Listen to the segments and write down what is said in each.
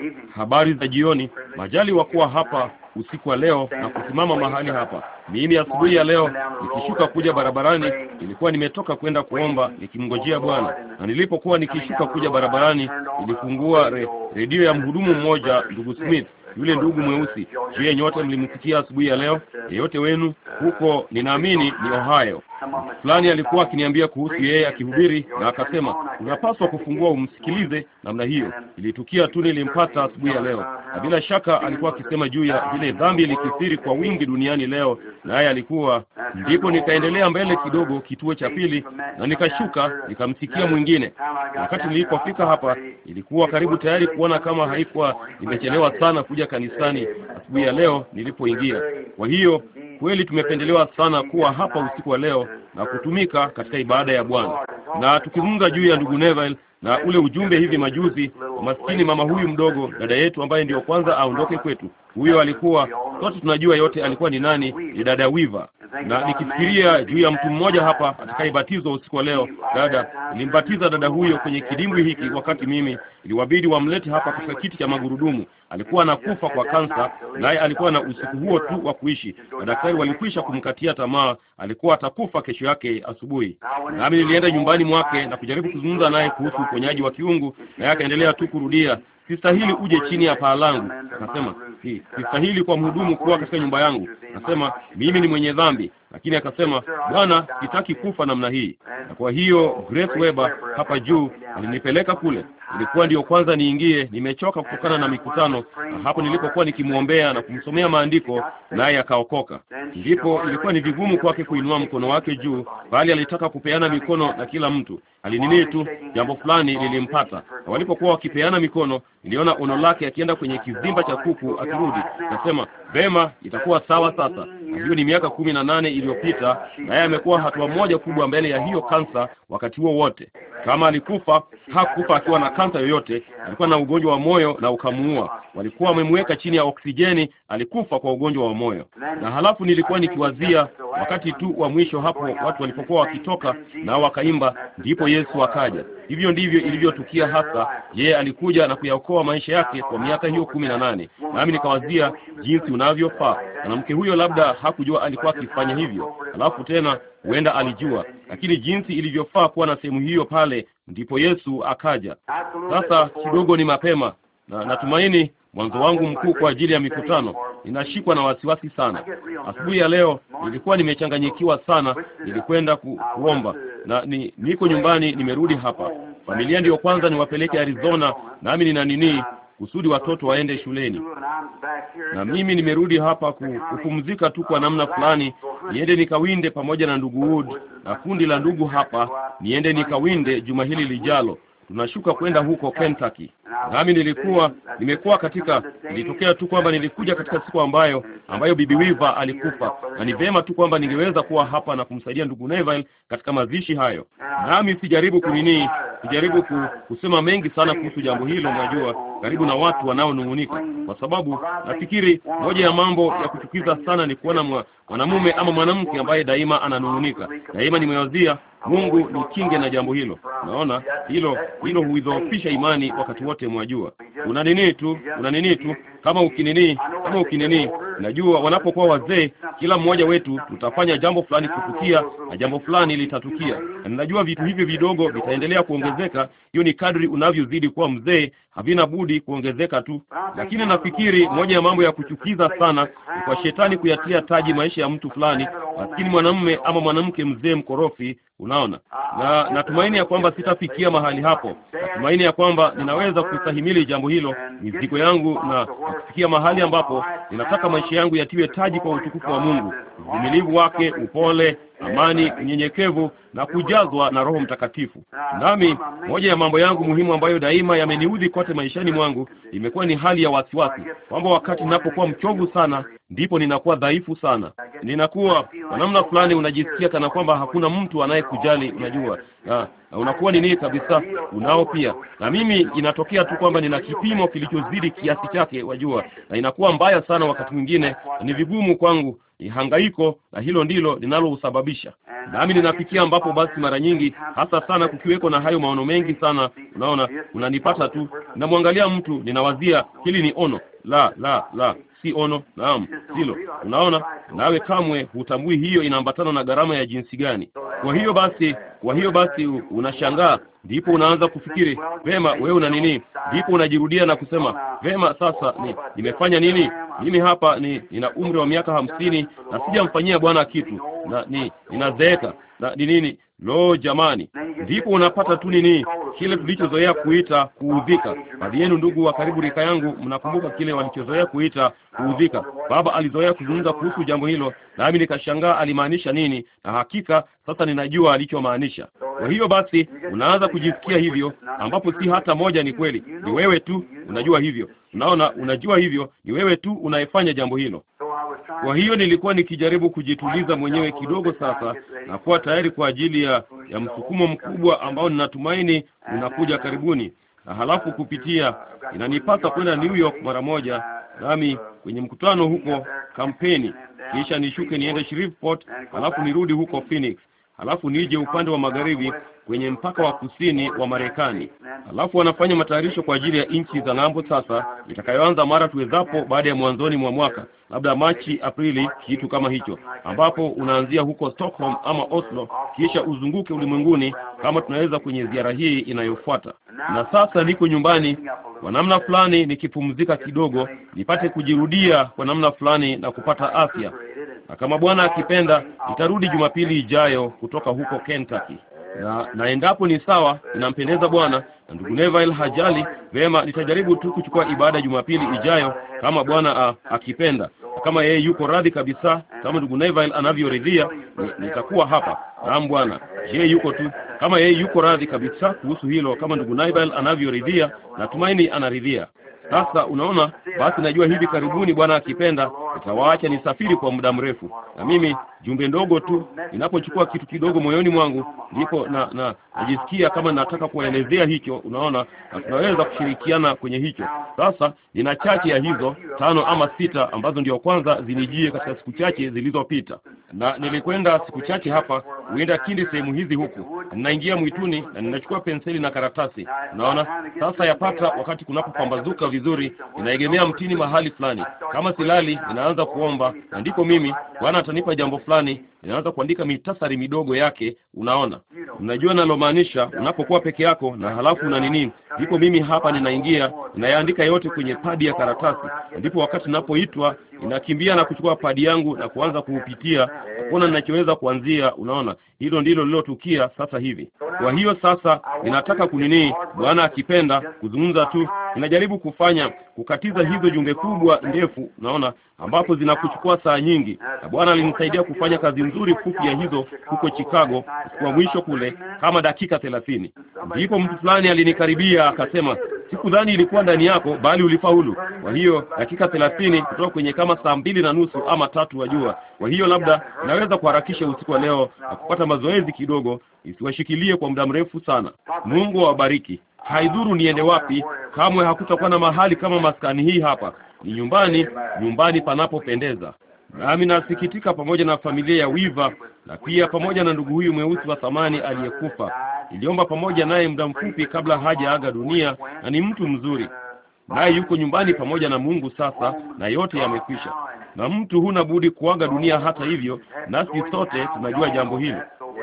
Mm-hmm. habari za jioni, majali wa kuwa hapa usiku wa leo na kusimama mahali hapa. Mimi asubuhi ya leo nikishuka kuja barabarani, nilikuwa nimetoka kwenda kuomba nikimngojea Bwana, na nilipokuwa nikishuka kuja barabarani, nilifungua re, redio ya mhudumu mmoja, ndugu Smith yule ndugu mweusi. Je, nyote mlimsikia asubuhi ya leo? Yeyote wenu huko, ninaamini ni Ohio, fulani alikuwa akiniambia kuhusu yeye akihubiri, na akasema unapaswa kufungua umsikilize. Namna hiyo ilitukia tu, nilimpata asubuhi ya leo, na bila shaka alikuwa akisema juu ya vile dhambi ilikithiri kwa wingi duniani leo, naye alikuwa ndipo. Nikaendelea mbele kidogo, kituo cha pili, na nikashuka nikamsikia mwingine. Wakati nilipofika hapa, ilikuwa karibu tayari kuona kama haikuwa nimechelewa sana kuja kuingia kanisani asubuhi ya leo nilipoingia. Kwa hiyo kweli tumependelewa sana kuwa hapa usiku wa leo na kutumika katika ibada ya Bwana. Na tukizungumza juu ya ndugu Neville na ule ujumbe hivi majuzi wa maskini mama huyu mdogo dada yetu ambaye ndiyo kwanza aondoke kwetu, huyo alikuwa sote tunajua yote alikuwa ni nani, ni dada Wiva. Na nikifikiria juu ya mtu mmoja hapa atakayebatizwa usiku wa leo, dada nilimbatiza dada huyo kwenye kidimbwi hiki, wakati mimi iliwabidi wamlete hapa katika kiti cha magurudumu alikuwa anakufa kwa kansa, naye alikuwa na usiku huo tu wa kuishi, na daktari walikwisha kumkatia tamaa, alikuwa atakufa kesho yake asubuhi. Nami nilienda nyumbani mwake na kujaribu kuzungumza naye kuhusu uponyaji wa kiungu, naye akaendelea tu kurudia Sistahili uje chini ya paa langu, nasema si, sistahili kwa mhudumu kuwa katika nyumba yangu. Nasema mimi ni mwenye dhambi, lakini akasema, Bwana, sitaki kufa namna hii. Na kwa hiyo Grace Weber hapa juu alinipeleka kule. Ilikuwa ndiyo kwanza niingie, nimechoka kutokana na mikutano, na hapo nilipokuwa nikimwombea na kumsomea maandiko, naye akaokoka. Ndipo ilikuwa ni vigumu kwake kuinua mkono wake juu, bali alitaka kupeana mikono na kila mtu. alininii tu jambo fulani lilimpata, na walipokuwa wakipeana mikono, niliona ono lake akienda kwenye kizimba cha kuku akirudi. Nasema, vema, itakuwa sawa sasa. Na hiyo ni miaka kumi na nane iliyopita, na yeye amekuwa hatua moja kubwa mbele ya hiyo kansa wakati huo wote. Kama alikufa, hakufa akiwa na kansa yoyote. Alikuwa na ugonjwa wa moyo na ukamuua, walikuwa wamemweka chini ya oksijeni. Alikufa kwa ugonjwa wa moyo. Na halafu nilikuwa nikiwazia wakati tu wa mwisho hapo, watu walipokuwa wakitoka na wakaimba, ndipo Yesu akaja. Hivyo ndivyo ilivyotukia hasa. Yeye alikuja na kuyaokoa maisha yake kwa miaka hiyo kumi na nane. Nami nikawazia jinsi unavyofaa. Mwanamke huyo labda hakujua alikuwa akifanya hivyo, alafu tena huenda alijua, lakini jinsi ilivyofaa kuwa na sehemu hiyo pale, ndipo Yesu akaja. Sasa kidogo ni mapema na natumaini mwanzo wangu mkuu kwa ajili ya mikutano. Ninashikwa na wasiwasi sana. Asubuhi ya leo nilikuwa nimechanganyikiwa sana, nilikwenda ku, kuomba na ni niko nyumbani, nimerudi hapa. Familia ndiyo kwanza niwapeleke Arizona, nami nina nini kusudi watoto waende shuleni, na mimi nimerudi hapa kupumzika tu kwa namna fulani, niende nikawinde pamoja na ndugu Wood na kundi la ndugu hapa, niende nikawinde juma hili lijalo tunashuka kwenda huko Kentucky. Nami nilikuwa nimekuwa katika, nilitokea tu kwamba nilikuja katika siku ambayo ambayo Bibi Weaver alikufa, na ni vema tu kwamba ningeweza kuwa hapa na kumsaidia ndugu Neville katika mazishi hayo. Nami sijaribu kunini, sijaribu kusema mengi sana kuhusu jambo hilo, najua karibu na watu wanaonung'unika, kwa sababu nafikiri moja ya mambo ya kuchukiza sana ni kuona mwanamume ama mwanamke ambaye daima ananung'unika. Daima nimewazia Mungu nikinge na jambo hilo. Naona hilo hilo huidhoofisha imani wakati wote. Mwajua una nini tu, una nini tu, kama ukinini, kama ukinini. najua wanapokuwa wazee, kila mmoja wetu tutafanya jambo fulani kutukia na jambo fulani litatukia, na ninajua vitu hivyo vidogo vitaendelea kuongezeka. Hiyo ni kadri unavyozidi kuwa mzee, havina budi kuongezeka tu. Lakini nafikiri moja ya mambo ya kuchukiza sana ni kwa shetani kuyatia taji maisha ya mtu fulani, lakini mwanamume ama mwanamke mzee mkorofi. Unaona, na natumaini ya kwamba sitafikia mahali hapo. Natumaini ya kwamba ninaweza kustahimili jambo hilo, mizigo yangu na kufikia mahali ambapo ninataka maisha yangu yatiwe taji kwa utukufu wa Mungu, uvumilivu wake, upole, amani, unyenyekevu na kujazwa na Roho Mtakatifu. Ah, Nami moja ya mambo yangu muhimu ambayo daima yameniudhi kote maishani mwangu imekuwa ni hali ya wasiwasi, ah, kwamba wakati ninapokuwa mchovu sana ndipo ninakuwa dhaifu sana, ah, ninakuwa kwa namna fulani, unajisikia kana kwamba hakuna mtu anayekujali, oh, unajua na, na unakuwa nini kabisa, unao pia na mimi, inatokea tu kwamba nina kipimo kilichozidi kiasi chake, wajua, na inakuwa mbaya sana wakati mwingine, ni vigumu kwangu ni hangaiko, na hilo ndilo linalousababisha. Nami ninafikia ambapo basi mara nyingi, hasa sana kukiweko na hayo maono mengi sana, unaona, unanipata tu, namwangalia mtu, ninawazia hili ni ono la la la si ono. Naam, silo. Unaona, nawe kamwe hutambui hiyo inaambatana na gharama ya jinsi gani. Kwa hiyo basi, kwa hiyo basi unashangaa, ndipo unaanza kufikiri vema, wewe una nini? Ndipo unajirudia na kusema vema, sasa ni, nimefanya nini? Mimi hapa ni nina umri wa miaka hamsini na sijamfanyia Bwana kitu na ni ninazeeka na ni nini Lo, jamani, ndipo unapata tu nini kile tulichozoea kuita kuudhika. Baadhi yenu ndugu wa karibu rika yangu, mnakumbuka kile walichozoea kuita kuudhika. Baba alizoea kuzungumza kuhusu jambo hilo, nami nikashangaa alimaanisha nini, na hakika sasa ninajua alichomaanisha. Kwa hiyo basi, unaanza kujisikia hivyo, ambapo si hata moja ni kweli, ni wewe tu unajua hivyo. Unaona, unajua hivyo, ni wewe tu unayefanya jambo hilo. Kwa hiyo nilikuwa nikijaribu kujituliza mwenyewe kidogo sasa na kuwa tayari kwa ajili ya, ya msukumo mkubwa ambao ninatumaini unakuja karibuni, na halafu kupitia inanipasa kwenda New York mara moja, nami kwenye mkutano huko kampeni, kisha nishuke niende Shreveport, halafu nirudi huko Phoenix, halafu nije upande wa magharibi kwenye mpaka wa kusini wa Marekani, alafu wanafanya matayarisho kwa ajili ya nchi za ng'ambo sasa itakayoanza mara tuwezapo, baada ya mwanzoni mwa mwaka, labda Machi, Aprili, kitu kama hicho, ambapo unaanzia huko Stockholm ama Oslo, kisha uzunguke ulimwenguni kama tunaweza kwenye ziara hii inayofuata. Na sasa niko nyumbani kwa namna fulani, nikipumzika kidogo, nipate kujirudia kwa namna fulani na kupata afya, na kama Bwana akipenda nitarudi Jumapili ijayo kutoka huko Kentucky na, na endapo ni sawa inampendeza Bwana na ndugu Neville hajali vema, nitajaribu tu kuchukua ibada Jumapili ijayo kama Bwana akipenda, kama yeye yuko radhi kabisa, kama ndugu Neville anavyoridhia, nitakuwa hapa. Naam Bwana, yeye yuko tu, kama yeye yuko radhi kabisa kuhusu hilo, kama ndugu Neville anavyoridhia, natumaini anaridhia. Sasa unaona, basi najua hivi karibuni Bwana akipenda nitawaacha nisafiri kwa muda mrefu, na mimi jumbe ndogo tu, ninapochukua kitu kidogo moyoni mwangu, ndipo na na najisikia kama nataka kuwaelezea hicho, unaona, na tunaweza kushirikiana kwenye hicho. Sasa nina chache ya hizo tano ama sita ambazo ndio kwanza zinijie katika siku chache zilizopita, na nilikwenda siku chache hapa uenda kindi sehemu hizi huku, ninaingia mwituni na ninachukua penseli na karatasi, unaona. Sasa yapata wakati kunapopambazuka vizuri, ninaegemea mtini mahali fulani, kama silali nina anaanza kuomba, na ndipo mimi Bwana atanipa jambo fulani, inaanza kuandika mitasari midogo yake. Unaona, mnajua nalomaanisha, unapokuwa peke yako na halafu na nini, Ndipo mimi hapa ninaingia, ninayaandika yote kwenye padi ya karatasi, ndipo wakati ninapoitwa ninakimbia na kuchukua padi yangu na kuanza kuupitia kuona ninachoweza kuanzia. Unaona, hilo ndilo lilotukia sasa hivi. Kwa hiyo sasa ninataka kunini, Bwana akipenda, kuzungumza tu. Ninajaribu kufanya kukatiza hizo jumbe kubwa ndefu, naona ambapo zinakuchukua saa nyingi, na Bwana alinisaidia kufanya kazi nzuri fupi ya hizo huko Chicago, kwa mwisho kule kama dakika thelathini, ndipo mtu fulani alinikaribia akasema, sikudhani ilikuwa ndani yako, bali ulifaulu. Kwa hiyo dakika thelathini kutoka kwenye kama saa mbili na nusu ama tatu wa jua. Kwa hiyo labda naweza kuharakisha usiku wa leo na kupata mazoezi kidogo, isiwashikilie kwa muda mrefu sana. Mungu awabariki. Haidhuru niende wapi, kamwe hakutakuwa na mahali kama maskani hii hapa. Ni nyumbani, nyumbani panapopendeza nami nasikitika pamoja na familia ya Wiva na pia pamoja na ndugu huyu mweusi wa thamani aliyekufa. Niliomba pamoja naye muda mfupi kabla hajaaga dunia, na ni mtu mzuri, naye yuko nyumbani pamoja na Mungu sasa, na yote yamekwisha na mtu huna budi kuaga dunia. Hata hivyo, nasi sote tunajua jambo hilo.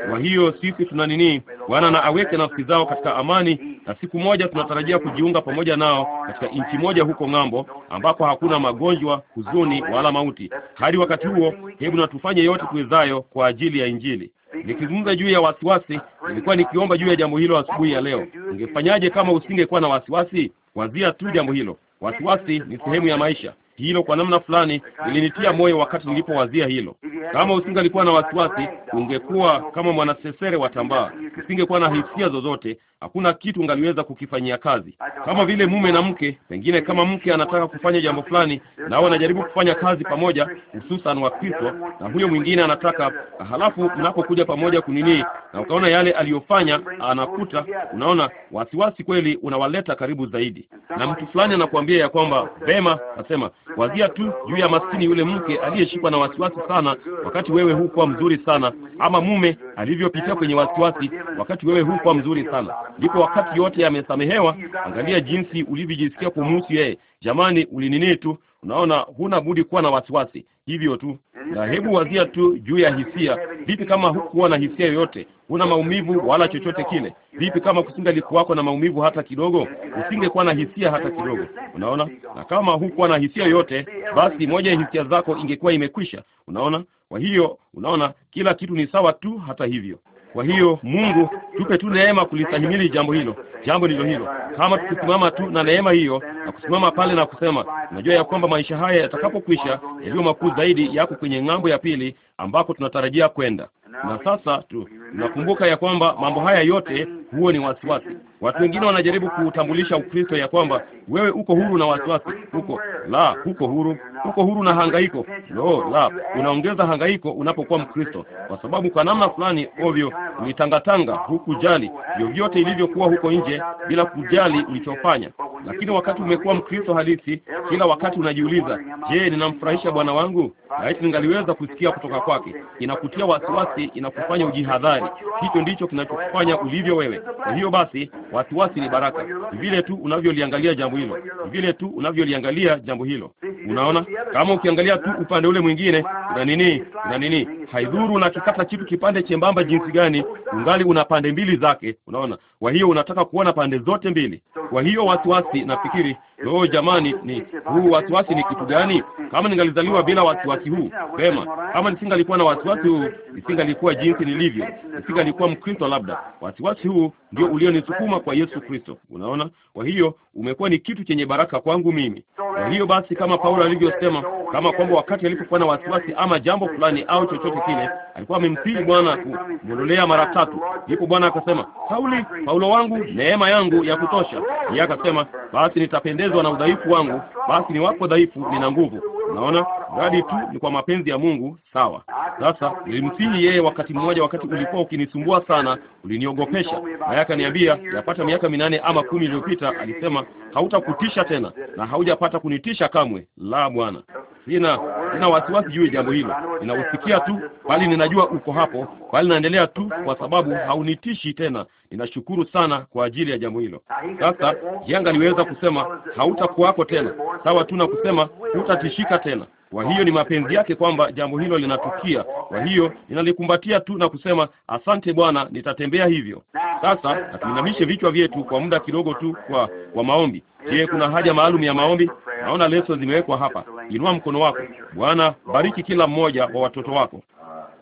Kwa hiyo sisi tuna nini? Bwana na aweke nafsi zao katika amani, na siku moja tunatarajia kujiunga pamoja nao katika nchi moja huko ng'ambo, ambapo hakuna magonjwa, huzuni wala mauti. Hadi wakati huo, hebu na tufanye yote tuwezayo kwa ajili ya Injili. Nikizungumza juu ya wasiwasi, nilikuwa nikiomba juu ya jambo hilo asubuhi ya leo. Ungefanyaje kama usingekuwa na wasiwasi? Wazia tu jambo hilo. Wasiwasi ni sehemu ya maisha. Hilo kwa namna fulani lilinitia moyo wakati nilipowazia hilo. Kama usingalikuwa na wasiwasi, ungekuwa kama mwanasesere wa tambaa, usingekuwa na hisia zozote, hakuna kitu ungaliweza kukifanyia kazi. Kama vile mume na mke, pengine kama mke anataka kufanya jambo fulani, nao anajaribu kufanya kazi pamoja, hususan wa Kristo, na huyo mwingine anataka, halafu mnapokuja pamoja kunini na ukaona yale aliyofanya anakuta, unaona wasiwasi kweli unawaleta karibu zaidi, na mtu fulani anakuambia ya kwamba vema, nasema Wazia tu juu ya maskini yule mke aliyeshikwa na wasiwasi sana, wakati wewe hukuwa mzuri sana, ama mume alivyopitia kwenye wasiwasi, wakati wewe hukuwa mzuri sana. Ndipo wakati yote yamesamehewa, angalia jinsi ulivyojisikia kumuhusu yeye. Jamani, ulinini tu Unaona, huna budi kuwa na wasiwasi, hivyo tu. Na hebu wazia tu juu ya hisia. Vipi kama hukuwa na hisia yoyote, huna maumivu wala chochote kile? Vipi kama kusingalikuwako na maumivu hata kidogo? Usingekuwa na hisia hata kidogo, unaona. Na kama hukuwa na hisia yoyote, basi moja ya hisia zako ingekuwa imekwisha, unaona. Kwa hiyo, unaona, kila kitu ni sawa tu hata hivyo. Kwa hiyo Mungu tupe tu neema kulistahimili jambo hilo, jambo ndilo hilo. Kama tukisimama tu na neema hiyo na kusimama pale na kusema, unajua ya kwamba maisha haya yatakapokwisha, yaliyo makuu zaidi yako kwenye ng'ambo ya pili, ambako tunatarajia kwenda. Na sasa tu Nakumbuka ya kwamba mambo haya yote, huo ni wasiwasi. Watu wengine wanajaribu kuutambulisha Ukristo ya kwamba wewe uko huru na wasiwasi, huko la, huko huru, uko huru na hangaiko, lo la, unaongeza hangaiko unapokuwa Mkristo, kwa sababu kwa namna fulani ovyo ulitangatanga, hukujali vyovyote ilivyokuwa huko nje, bila kujali ulichofanya. Lakini wakati umekuwa Mkristo halisi, kila wakati unajiuliza, je, ninamfurahisha Bwana wangu? Laiti ningaliweza kusikia kutoka kwake. Inakutia wasiwasi, inakufanya ujihadhari tayari. Hicho ndicho kinachofanya ulivyo wewe. Kwa hiyo basi, wasiwasi ni baraka, vile tu unavyoliangalia jambo hilo, vile tu unavyoliangalia jambo hilo. Unaona, kama ukiangalia tu upande ule mwingine, una nini na nini, haidhuru unakikata kitu kipande chembamba jinsi gani, ungali una pande mbili zake. Unaona, kwa hiyo unataka kuona pande zote mbili. Kwa hiyo wasiwasi, nafikiri Lo, jamani, ni huu wasiwasi ni kitu gani? Kama ningalizaliwa bila wasiwasi huu, vema. Kama nisingalikuwa na wasiwasi huu, nisingalikuwa jinsi nilivyo, nisingalikuwa Mkristo. Labda wasiwasi huu ndio ulionisukuma kwa Yesu Kristo. Unaona, kwa hiyo umekuwa ni kitu chenye baraka kwangu mimi. Kwa hiyo basi, kama Paulo alivyosema, kama kwamba wakati alipokuwa na wasiwasi ama jambo fulani au chochote kile, alikuwa amemsihi Bwana kumwondolea mara tatu, ndipo Bwana akasema, Sauli, Paulo wangu, neema yangu ya kutosha. Yeye akasema, basi nitapendezwa na udhaifu wangu, basi wako dhaifu nina nguvu. Unaona, mradi tu ni kwa mapenzi ya Mungu. Sawa. Sasa nilimsihi yeye wakati mmoja, wakati ulikuwa ukinisumbua sana, uliniogopesha, naye akaniambia, yapata miaka minane ama kumi iliyopita, alisema hautakutisha tena na haujapata kunitisha kamwe. La, Bwana, sina sina wasiwasi juu ya jambo hilo, ninausikia tu, bali ninajua uko hapo, bali naendelea tu, kwa sababu haunitishi tena, ninashukuru sana kwa ajili ya jambo hilo. Sasa janga liweza kusema hautakuwako tena, sawa tu na kusema hutatishika tena. Kwa hiyo ni mapenzi yake kwamba jambo hilo linatukia. Kwa hiyo ninalikumbatia tu na kusema asante Bwana, nitatembea hivyo. Sasa hatuinamishe vichwa vyetu kwa muda kidogo tu kwa kwa maombi. Je, kuna haja maalum ya maombi? Naona leso zimewekwa hapa. Inua mkono wako. Bwana, bariki kila mmoja wa watoto wako.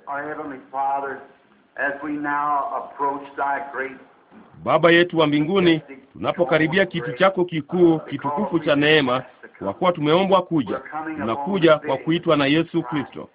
Uh, Baba yetu wa mbinguni, tunapokaribia kiti chako kikuu kitukufu cha neema, kwa kuwa tumeombwa kuja, tunakuja kwa kuitwa na Yesu Kristo,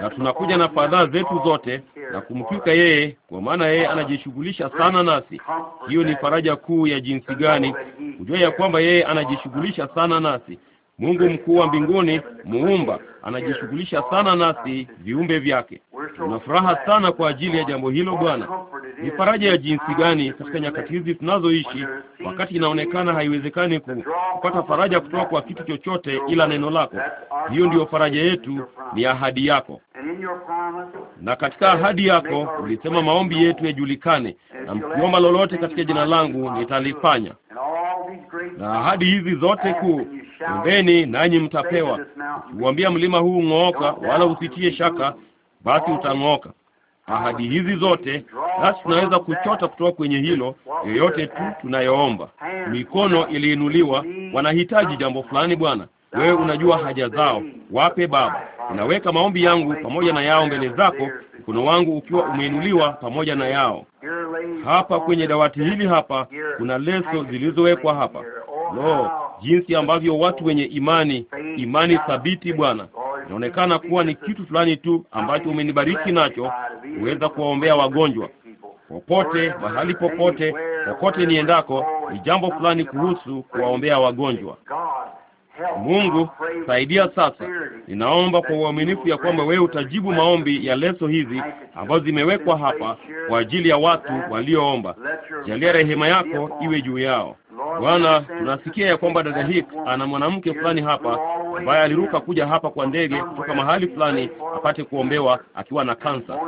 na tunakuja na fadhaa zetu zote na kumkika yeye, kwa maana yeye anajishughulisha sana nasi. Hiyo ni faraja kuu ya jinsi gani kujua ya kwamba yeye anajishughulisha sana nasi. Mungu mkuu wa mbinguni, muumba, anajishughulisha sana nasi viumbe vyake. Tuna furaha sana kwa ajili ya jambo hilo. Bwana, ni faraja ya jinsi gani katika nyakati hizi tunazoishi, wakati inaonekana haiwezekani kupata faraja kutoka kwa kitu chochote ila neno lako. Hiyo ndiyo faraja yetu, ni ahadi yako, na katika ahadi yako ulisema maombi yetu yajulikane, na mkiomba lolote katika jina langu nitalifanya na ahadi hizi zote kuu, ombeni nanyi mtapewa. Ukiuambia mlima huu ng'ooka, wala usitie shaka, basi utang'ooka. Ahadi hizi zote basi, tunaweza kuchota kutoka kwenye hilo yoyote tu tunayoomba. Mikono iliinuliwa, wanahitaji jambo fulani. Bwana, wewe unajua haja zao, wape Baba. Unaweka maombi yangu pamoja na yao mbele zako, mkono wangu ukiwa umeinuliwa pamoja na yao. Hapa kwenye dawati hili hapa kuna leso zilizowekwa hapa. Lo, jinsi ambavyo watu wenye imani, imani thabiti, Bwana, inaonekana kuwa ni kitu fulani tu ambacho umenibariki nacho kuweza kuwaombea wagonjwa popote, mahali popote, popote niendako, ni jambo fulani kuhusu kuwaombea wagonjwa. Mungu saidia sasa. Ninaomba kwa uaminifu ya kwamba wewe utajibu maombi ya leso hizi ambazo zimewekwa hapa kwa ajili ya watu walioomba. Jalia rehema yako iwe juu yao. Bwana, tunasikia ya kwamba dada Hicks ana mwanamke fulani hapa ambaye aliruka kuja hapa kwa ndege kutoka mahali fulani apate kuombewa akiwa na kansa,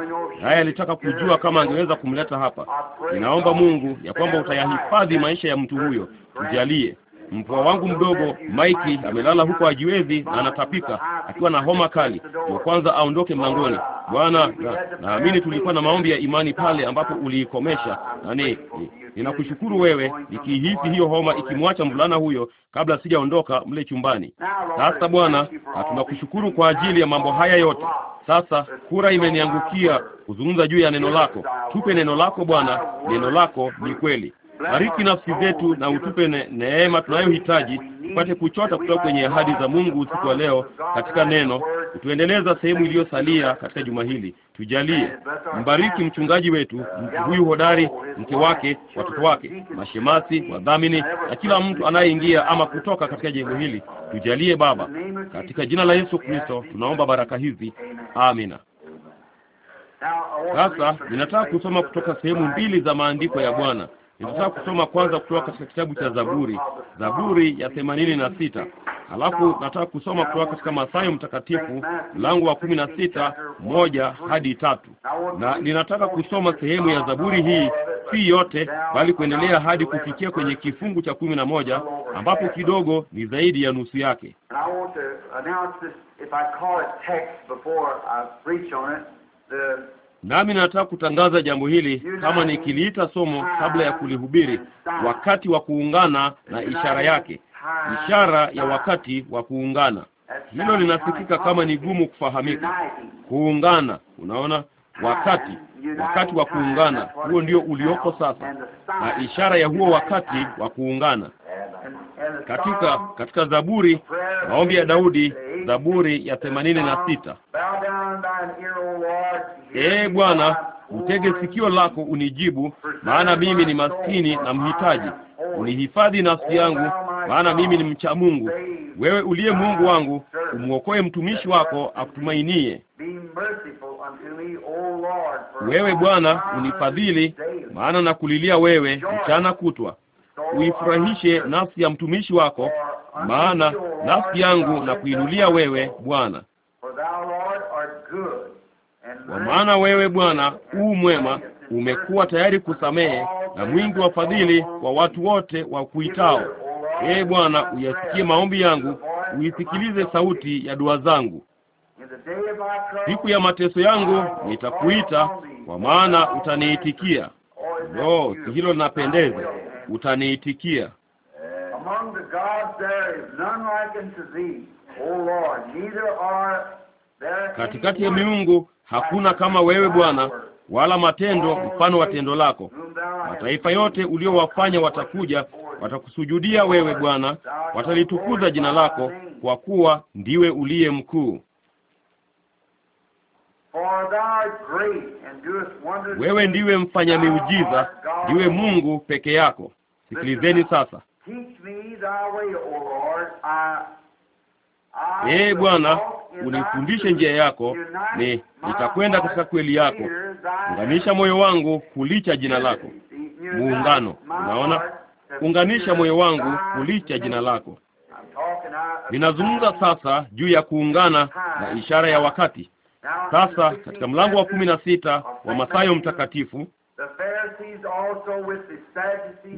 naye alitaka kujua kama angeweza kumleta hapa. Ninaomba Mungu ya kwamba utayahifadhi maisha ya mtu huyo, tujalie Mpwa wangu mdogo Mike amelala huko ajiwezi na anatapika akiwa na homa kali, ndio kwanza aondoke mlangoni. Bwana, naamini na tulikuwa na maombi ya imani pale ambapo uliikomesha, nani ninakushukuru wewe, nikihisi hiyo homa ikimwacha mvulana huyo kabla sijaondoka mle chumbani. Sasa Bwana, tunakushukuru kwa ajili ya mambo haya yote. Sasa kura imeniangukia kuzungumza juu ya neno lako. Tupe neno lako Bwana, neno lako ni kweli. Bariki nafsi zetu na utupe ne, neema tunayohitaji tupate kuchota kutoka kwenye ahadi za Mungu usiku wa leo katika neno, kutuendeleza sehemu iliyosalia katika juma hili. Tujalie, mbariki mchungaji wetu huyu hodari, mke wake, watoto wake, mashemasi, wadhamini na kila mtu anayeingia ama kutoka katika jengo hili. Tujalie Baba, katika jina la Yesu Kristo tunaomba baraka hizi, amina. Sasa ninataka kusoma kutoka sehemu mbili za maandiko ya Bwana Ninataka kusoma kwanza kutoka katika kitabu cha Zaburi, Zaburi ya themanini na sita. alafu nataka kusoma kutoka katika Mathayo Mtakatifu mlango wa kumi na sita moja hadi tatu, na ninataka kusoma sehemu ya Zaburi hii, si yote, bali kuendelea hadi kufikia kwenye kifungu cha kumi na moja ambapo kidogo ni zaidi ya nusu yake. Nami nataka kutangaza jambo hili kama nikiliita somo kabla ya kulihubiri, wakati wa kuungana na ishara yake, ishara ya wakati wa kuungana. Hilo linasikika kama ni gumu kufahamika, kuungana. Unaona, wakati, wakati wa kuungana huo ndio ulioko sasa, na ishara ya huo wakati wa kuungana katika katika Zaburi, maombi ya Daudi, Zaburi ya themanini na sita. Ee Bwana, utege sikio lako unijibu, maana mimi ni maskini na mhitaji. Unihifadhi nafsi yangu, maana mimi ni mcha Mungu. Wewe uliye Mungu ah, wangu, umwokoe mtumishi wako akutumainie wewe. Bwana, unifadhili, maana nakulilia wewe mchana kutwa. Uifurahishe nafsi ya mtumishi wako, maana nafsi yangu na kuinulia wewe Bwana, kwa maana wewe Bwana u mwema, umekuwa tayari kusamehe na mwingi wa fadhili kwa watu wote wa kuitao. Ee Bwana, uyasikie maombi yangu, uisikilize sauti ya dua zangu. Siku ya mateso yangu nitakuita, kwa maana utaniitikia. Lo, si hilo linapendeza! Utaniitikia. Katikati ya miungu hakuna kama wewe Bwana, wala matendo mfano wa tendo lako. Mataifa yote uliowafanya watakuja Watakusujudia wewe Bwana, watalitukuza jina lako, kwa kuwa ndiwe uliye mkuu. Wewe ndiwe mfanya miujiza, ndiwe Mungu peke yako. Sikilizeni sasa. Ee Bwana, unifundishe njia yako, ni nitakwenda katika kweli yako. Unganisha moyo wangu kulicha jina lako. Muungano, unaona unganisha moyo wangu kulicha jina lako. Ninazungumza sasa juu ya kuungana na ishara ya wakati. Sasa katika mlango wa kumi na sita wa Mathayo mtakatifu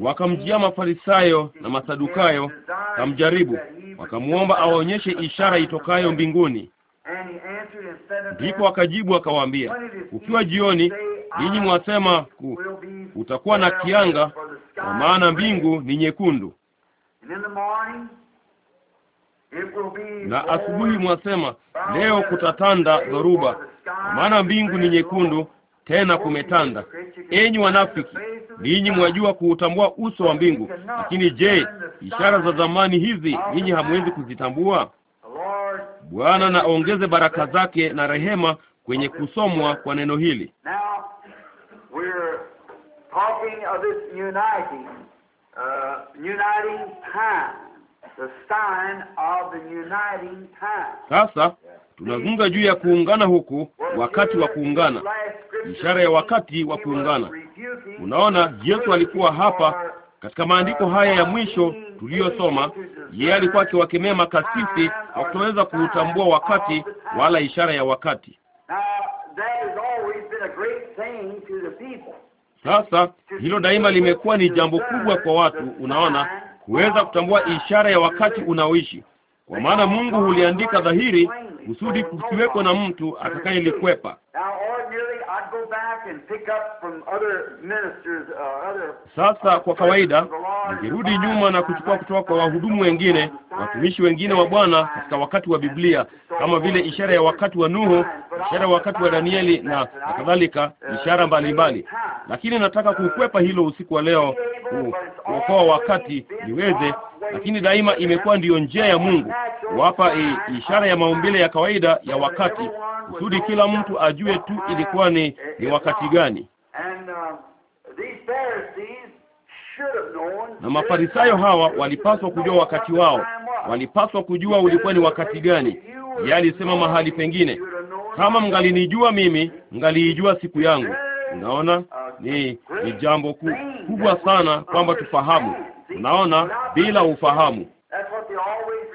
wakamjia Mafarisayo na Masadukayo, kamjaribu, wakamwomba awaonyeshe ishara itokayo mbinguni. Ndipo akajibu akawaambia, ukiwa jioni, ninyi mwasema utakuwa na kianga, kwa maana mbingu ni nyekundu, na asubuhi mwasema, leo kutatanda dhoruba, kwa maana mbingu ni nyekundu, tena kumetanda. Enyi wanafiki, ninyi mwajua kuutambua uso wa mbingu, lakini je, ishara za zamani hizi ninyi hamwezi kuzitambua? Bwana na ongeze baraka zake na rehema kwenye kusomwa kwa neno hili. Uh, Sasa tunazungumza juu ya kuungana huku, wakati wa kuungana, ishara ya wakati wa kuungana. Unaona, Yesu alikuwa hapa katika maandiko haya ya mwisho tuliyosoma, yeye alikuwa akiwakemea makasisi kwa kutoweza kuutambua wakati wala ishara ya wakati. Sasa hilo daima limekuwa ni jambo kubwa kwa watu, unaona, kuweza kutambua ishara ya wakati unaoishi, kwa maana Mungu huliandika dhahiri kusudi kusiweko na mtu atakayelikwepa. Uh, Sasa kwa kawaida ningerudi nyuma na kuchukua kutoka kwa wahudumu wengine, watumishi wengine wa Bwana katika wakati wa Biblia, kama vile ishara ya wakati wa Nuhu, ishara ya wakati wa Danieli na na kadhalika, uh, ishara mbalimbali, lakini nataka uh, kukwepa hilo usiku wa leo, kuokoa wakati niweze, lakini daima imekuwa ndiyo njia ya Mungu kuwapa ishara ya maumbile ya kawaida ya wakati kusudi kila mtu ajue tu ilikuwa ni ni wakati gani. Uh, Na Mafarisayo hawa walipaswa kujua wakati wao, walipaswa kujua ulikuwa ni wakati gani. Yeye alisema yaani mahali pengine, kama mngalinijua mimi, mngaliijua siku yangu. Unaona, ni ni jambo ku, kubwa sana kwamba tufahamu. Unaona, bila ufahamu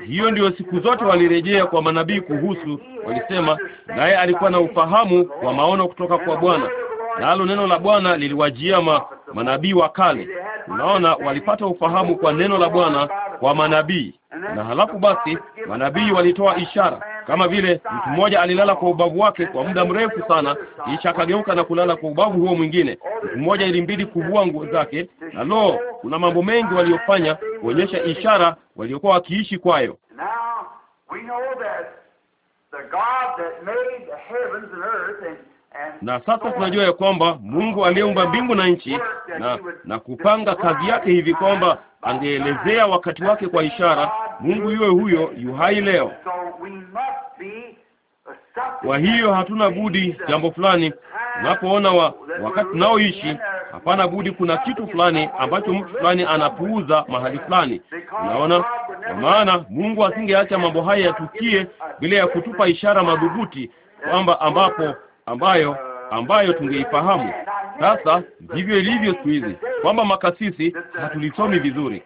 hiyo ndiyo siku zote walirejea kwa manabii kuhusu, walisema naye alikuwa na ufahamu wa maono kutoka kwa Bwana, nalo neno la Bwana liliwajia ma, manabii wa kale. Unaona, walipata ufahamu kwa neno la Bwana kwa manabii. Na halafu basi manabii walitoa ishara, kama vile mtu mmoja alilala kwa ubavu wake kwa muda mrefu sana, kisha akageuka na kulala kwa ubavu huo mwingine. Mtu mmoja ilimbidi kuvua nguo zake, na lo, kuna mambo mengi waliofanya kuonyesha ishara waliokuwa wakiishi kwayo. the God that made the heavens and earth and na sasa tunajua ya kwamba Mungu aliyeumba mbingu na nchi na, na kupanga kazi yake hivi kwamba angeelezea wakati wake kwa ishara. Mungu yule huyo yuhai leo. Kwa hiyo hatuna budi jambo fulani unapoona wa, wakati tunaoishi, hapana budi kuna kitu fulani ambacho mtu fulani anapuuza mahali fulani. Unaona, kwa maana Mungu asingeacha mambo haya yatukie bila ya kutupa ishara madhubuti kwamba ambapo ambayo ambayo tungeifahamu. Sasa ndivyo ilivyo siku hizi, kwamba makasisi hatulisomi vizuri.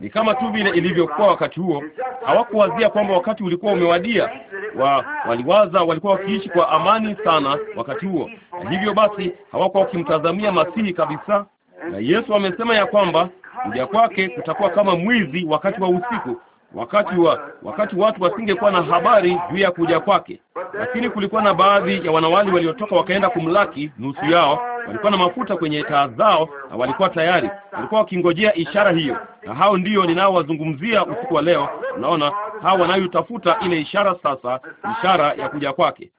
Ni kama tu vile ilivyokuwa wakati huo. Hawakuwazia kwamba wakati ulikuwa umewadia. Wa, waliwaza walikuwa wakiishi kwa amani sana wakati huo, na hivyo basi hawakuwa wakimtazamia masihi kabisa. Na Yesu amesema ya kwamba kuja kwake kutakuwa kama mwizi wakati wa usiku, wakati wa wakati watu wasingekuwa na habari juu ya kuja kwake. Lakini kulikuwa na baadhi ya wanawali waliotoka wakaenda kumlaki, nusu yao walikuwa na mafuta kwenye taa zao na walikuwa tayari, walikuwa wakingojea ishara hiyo, na hao ndio ninaowazungumzia usiku wa leo. Unaona, hao wanayotafuta ile ishara sasa, ishara ya kuja kwake.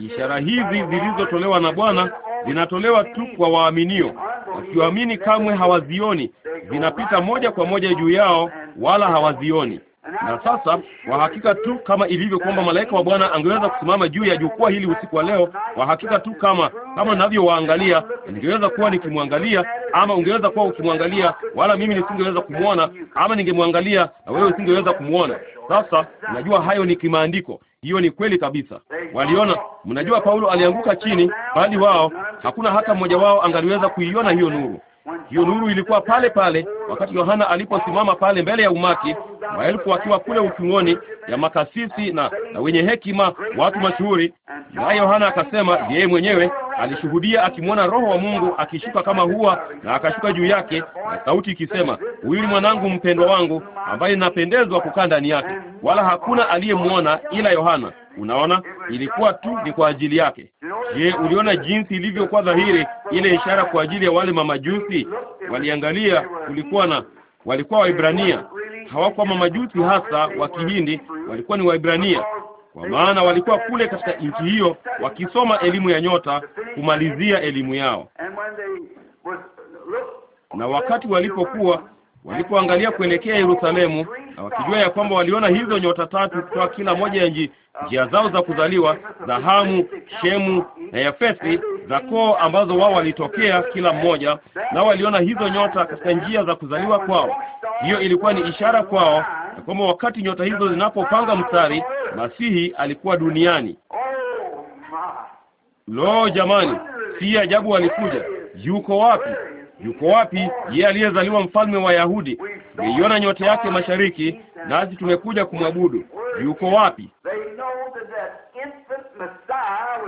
Ishara hizi zilizotolewa na Bwana zinatolewa tu kwa waaminio, wasioamini kamwe hawazioni, zinapita moja kwa moja juu yao wala hawazioni. Na sasa kwa hakika tu kama ilivyo kwamba malaika wa Bwana angeweza kusimama juu ya jukwaa hili usiku wa leo, kwa hakika tu kama kama ninavyowaangalia, ningeweza kuwa nikimwangalia, ama ungeweza kuwa ukimwangalia, wala mimi nisingeweza kumwona, ama ningemwangalia na wewe usingeweza kumwona. Sasa najua hayo ni kimaandiko, hiyo ni kweli kabisa. Waliona, mnajua Paulo alianguka chini, bali wao hakuna hata mmoja wao angaliweza kuiona hiyo nuru. Hiyo nuru ilikuwa pale pale wakati Yohana aliposimama pale mbele ya umati, maelfu wakiwa kule ufuoni, ya makasisi na, na wenye hekima, watu mashuhuri. Naye Yohana akasema yeye mwenyewe alishuhudia akimwona Roho wa Mungu akishuka kama hua na akashuka juu yake, na sauti ikisema, huyu ni mwanangu mpendwa wangu ambaye ninapendezwa kukaa ndani yake. Wala hakuna aliyemwona ila Yohana, Unaona, ilikuwa tu ni kwa ajili yake. Je, uliona jinsi ilivyokuwa dhahiri ile ishara kwa ajili ya wale mamajusi? Waliangalia, kulikuwa na walikuwa Waibrania, hawakuwa mamajusi hasa wa Kihindi, walikuwa ni Waibrania kwa maana walikuwa kule katika nchi hiyo wakisoma elimu ya nyota kumalizia elimu yao, na wakati walipokuwa walipoangalia kuelekea Yerusalemu na wakijua ya kwamba waliona hizo nyota tatu kutoka kila moja ya njia zao za kuzaliwa za Hamu, Shemu na Yafethi, za koo ambazo wao walitokea kila mmoja, na waliona hizo nyota katika njia za kuzaliwa kwao. Hiyo ilikuwa ni ishara kwao ya kwamba wakati nyota hizo zinapopanga mstari, Masihi alikuwa duniani. Lo, jamani, si ajabu walikuja. Yuko wapi? Yuko wapi yeye aliyezaliwa mfalme wa Yahudi? Tumeiona nyota yake mashariki, nasi tumekuja kumwabudu. Yuko wapi?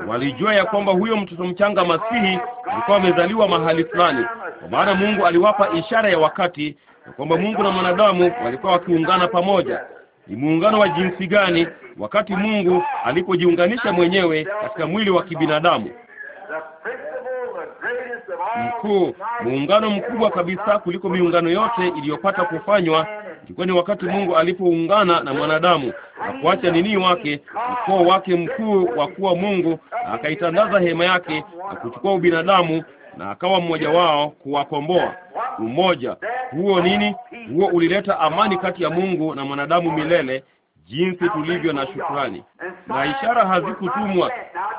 Walijua ya kwamba huyo mtoto mchanga Masihi alikuwa amezaliwa mahali fulani, kwa maana Mungu aliwapa ishara ya wakati ya kwamba Mungu na mwanadamu walikuwa wakiungana pamoja. Ni muungano wa jinsi gani? Wakati Mungu alipojiunganisha mwenyewe katika mwili wa kibinadamu mkuu, muungano mkubwa kabisa kuliko miungano yote iliyopata kufanywa. Ilikuwa ni wakati Mungu alipoungana na mwanadamu na kuacha ninii wake, ukoo wake mkuu wa kuwa Mungu, na akaitandaza hema yake na kuchukua ubinadamu na akawa mmoja wao kuwakomboa. Umoja huo nini huo ulileta amani kati ya Mungu na mwanadamu milele, jinsi tulivyo na shukrani, na ishara hazikutumwa.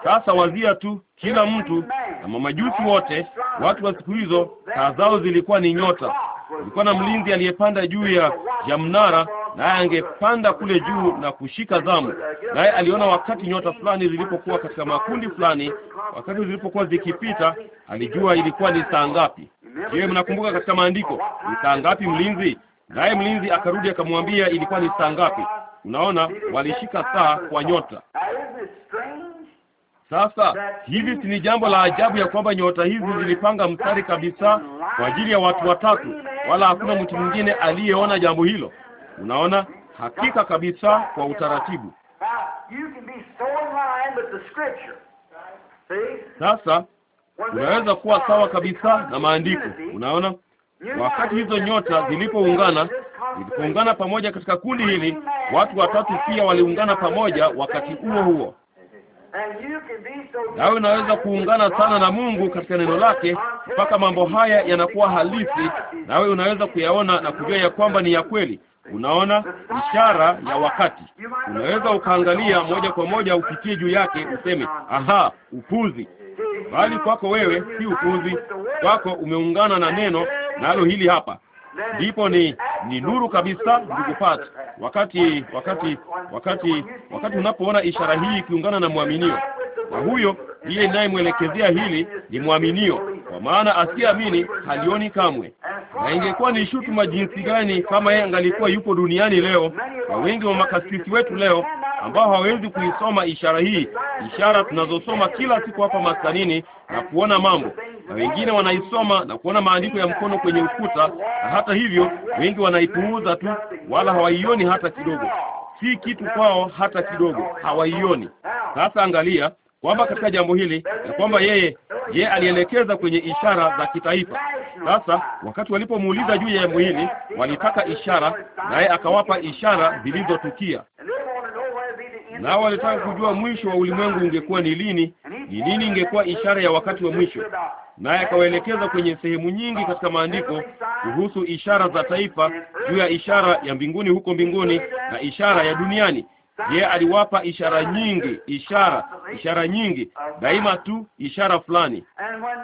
Sasa wazia tu, kila mtu kama majusi wote, watu wa siku hizo, taa zao zilikuwa ni nyota. Kulikuwa na mlinzi aliyepanda juu ya ya mnara, naye angepanda kule juu na kushika zamu, naye aliona wakati nyota fulani zilipokuwa katika makundi fulani, wakati zilipokuwa zikipita, alijua ilikuwa ni saa ngapi. Je, mnakumbuka katika maandiko ni saa ngapi mlinzi? Naye mlinzi akarudi akamwambia ilikuwa ni saa ngapi. Unaona, walishika saa kwa nyota. Sasa hivi si ni jambo la ajabu ya kwamba nyota hizi zilipanga mstari kabisa kwa ajili ya watu watatu, wala hakuna mtu mwingine aliyeona jambo hilo. Unaona, hakika kabisa kwa utaratibu. Sasa unaweza kuwa sawa kabisa na maandiko. Unaona, Wakati hizo nyota zilipoungana, zilipoungana pamoja katika kundi hili, watu watatu pia waliungana pamoja wakati huo huo. Nawe unaweza kuungana sana na Mungu katika neno lake mpaka mambo haya yanakuwa halisi, nawe unaweza kuyaona na kujua ya kwamba ni ya kweli. Unaona ishara ya wakati, unaweza ukaangalia moja kwa moja, upitie juu yake, useme aha, upuzi bali kwako wewe si upuzi, kwako umeungana na neno, nalo hili hapa ndipo ni ni nuru kabisa, ndugu Pat. Wakati wakati wakati wakati unapoona ishara hii ikiungana na mwaminio na huyo yeye inayemwelekezea hili ni mwaminio, kwa maana asiamini halioni kamwe. Na ingekuwa ni shutuma jinsi gani kama yeye angalikuwa yupo duniani leo, na wengi wa makasisi wetu leo ambao hawawezi kuisoma ishara hii, ishara tunazosoma kila siku hapa maskanini na kuona mambo, na wengine wanaisoma na kuona maandiko ya mkono kwenye ukuta, na hata hivyo wengi wanaipuuza tu, wala hawaioni hata kidogo, si kitu kwao hata kidogo, hawaioni. Sasa angalia kwamba katika jambo hili ya kwamba yeye yeye alielekeza kwenye ishara za kitaifa. Sasa wakati walipomuuliza juu ya jambo hili, walitaka ishara, naye akawapa ishara zilizotukia, nao walitaka kujua mwisho wa ulimwengu ungekuwa ni lini, ni lini ingekuwa ishara ya wakati wa mwisho, naye akawaelekeza kwenye sehemu nyingi katika maandiko kuhusu ishara za taifa, juu ya ishara ya mbinguni huko mbinguni na ishara ya duniani. Yeye aliwapa ishara nyingi, ishara ishara nyingi, daima tu ishara fulani. Um,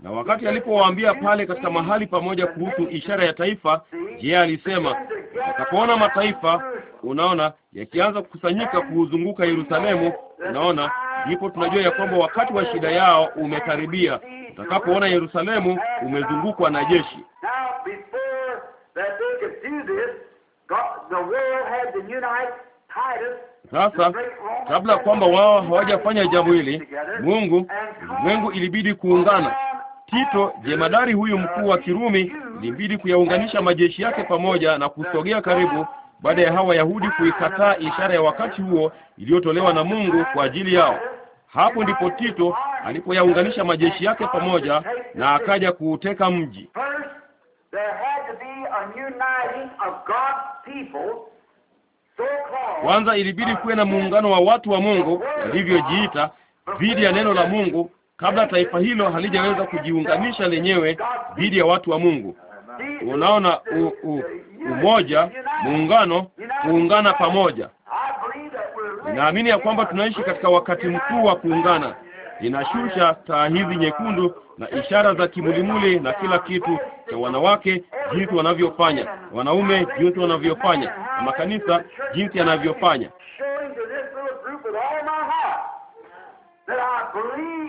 na wakati alipowaambia pale katika mahali pamoja kuhusu ishara ya taifa, je, alisema utakapoona mataifa, unaona, yakianza kukusanyika kuuzunguka Yerusalemu, unaona, ndipo tunajua ya kwamba wakati wa shida yao umekaribia. Utakapoona Yerusalemu umezungukwa na jeshi sasa kabla kwamba wao hawajafanya jambo hili, Mungu Mungu ilibidi kuungana. Tito jemadari huyu uh, mkuu wa Kirumi ilibidi kuyaunganisha majeshi yake pamoja na kusogea karibu, baada ya hawa Wayahudi kuikataa ishara ya wakati huo iliyotolewa na Mungu kwa ajili yao. Hapo ndipo Tito alipoyaunganisha majeshi yake pamoja na akaja kuuteka mji. Kwanza ilibidi kuwe na muungano wa watu wa Mungu walivyojiita dhidi ya neno la Mungu, kabla taifa hilo halijaweza kujiunganisha lenyewe dhidi ya watu wa Mungu. Unaona u, u, umoja, muungano, kuungana pamoja. Ninaamini ya kwamba tunaishi katika wakati mkuu wa kuungana. Inashusha taa hizi nyekundu na ishara za kimulimuli na kila kitu cha wanawake, jinsi wanavyofanya, wanaume jinsi wanavyofanya, na makanisa jinsi yanavyofanya.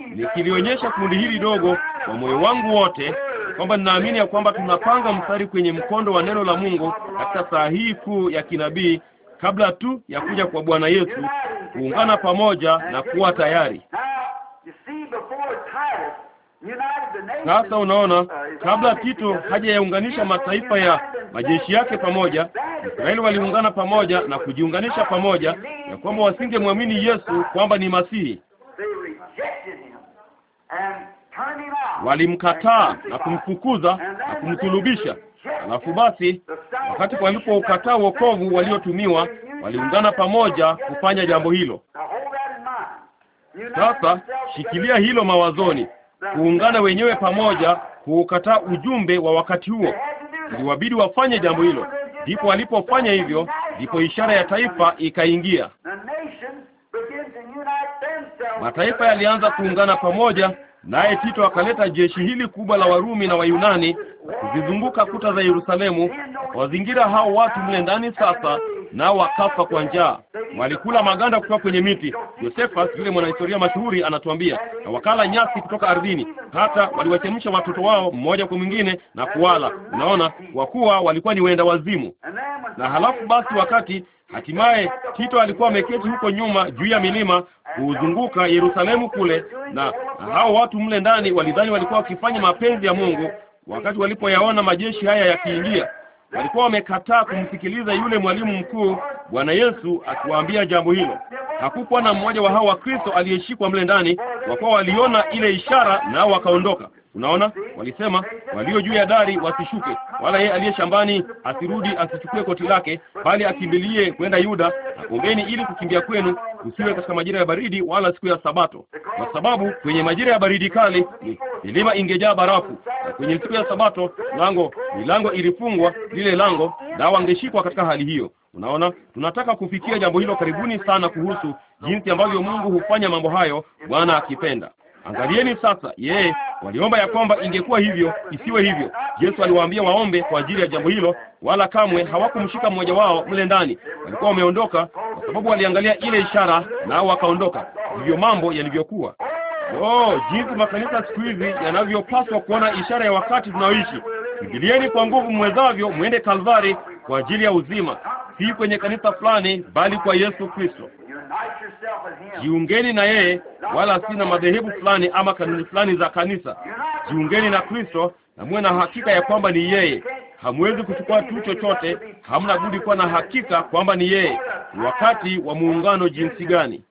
Nikilionyesha kundi hili dogo kwa moyo wangu wote kwamba ninaamini ya kwamba tunapanga mstari kwenye mkondo wa neno la Mungu katika saa hii kuu ya kinabii kabla tu ya kuja kwa Bwana Yesu, kuungana pamoja na kuwa tayari. Sasa unaona, kabla Tito hajayaunganisha mataifa ya majeshi yake pamoja, Israeli waliungana pamoja na kujiunganisha pamoja, ya kwamba wasingemwamini Yesu kwamba ni Masihi. Walimkataa na kumfukuza na kumsulubisha. Alafu basi, wakati walipoukataa wokovu waliotumiwa, waliungana pamoja kufanya jambo hilo. Sasa shikilia hilo mawazoni kuungana wenyewe pamoja kuukataa ujumbe wa wakati huo. Iliwabidi wafanye jambo hilo, ndipo walipofanya hivyo, ndipo ishara ya taifa ikaingia. Mataifa yalianza kuungana pamoja, naye Tito akaleta jeshi hili kubwa la Warumi na Wayunani kuzizunguka kuta za Yerusalemu, wazingira hao watu mle ndani sasa, nao wakafa kwa njaa walikula maganda kutoka kwenye miti. Josephus yule mwanahistoria mashuhuri anatuambia, na wakala nyasi kutoka ardhini, hata waliwachemsha watoto wao mmoja kwa mwingine na kuwala. Unaona, kwa kuwa walikuwa ni wenda wazimu. Na halafu basi, wakati hatimaye Tito alikuwa ameketi huko nyuma juu ya milima kuzunguka Yerusalemu kule, na, na hao watu mle ndani walidhani walikuwa wakifanya mapenzi ya Mungu wakati walipoyaona majeshi haya yakiingia walikuwa wamekataa kumsikiliza yule mwalimu mkuu Bwana Yesu akiwaambia jambo hilo. Hakukuwa na mmoja wa hao Wakristo aliyeshikwa mle ndani, kuwa waliona ile ishara nao wakaondoka. Unaona, walisema walio juu ya dari wasishuke, wala yeye aliye shambani asirudi asichukue koti lake, bali akimbilie kwenda Yuda, na ombeni ili kukimbia kwenu usiwe katika majira ya baridi wala siku ya Sabato, kwa sababu kwenye majira ya baridi kali milima ingejaa barafu, na kwenye siku ya Sabato lango milango ilifungwa, lile lango na wangeshikwa katika hali hiyo. Unaona, tunataka kufikia jambo hilo karibuni sana, kuhusu jinsi ambavyo Mungu hufanya mambo hayo, Bwana akipenda. Angalieni sasa, ye waliomba ya kwamba ingekuwa hivyo, isiwe hivyo. Yesu aliwaambia waombe kwa ajili ya jambo hilo, wala kamwe hawakumshika mmoja wao mle ndani. Walikuwa wameondoka kwa sababu waliangalia ile ishara, nao wakaondoka. Ndivyo mambo yalivyokuwa. Oh, jinsi makanisa siku hizi yanavyopaswa kuona ishara ya wakati tunaoishi. Kimbilieni kwa nguvu mwezavyo, mwende Kalvari kwa ajili ya uzima, si kwenye kanisa fulani, bali kwa Yesu Kristo. Jiungeni na yeye, wala si na madhehebu fulani ama kanuni fulani za kanisa. Jiungeni na Kristo na muwe na hakika ya kwamba ni yeye. Hamwezi kuchukua tu chochote, hamna budi kuwa na hakika kwamba ni yeye. Ni wakati wa muungano jinsi gani!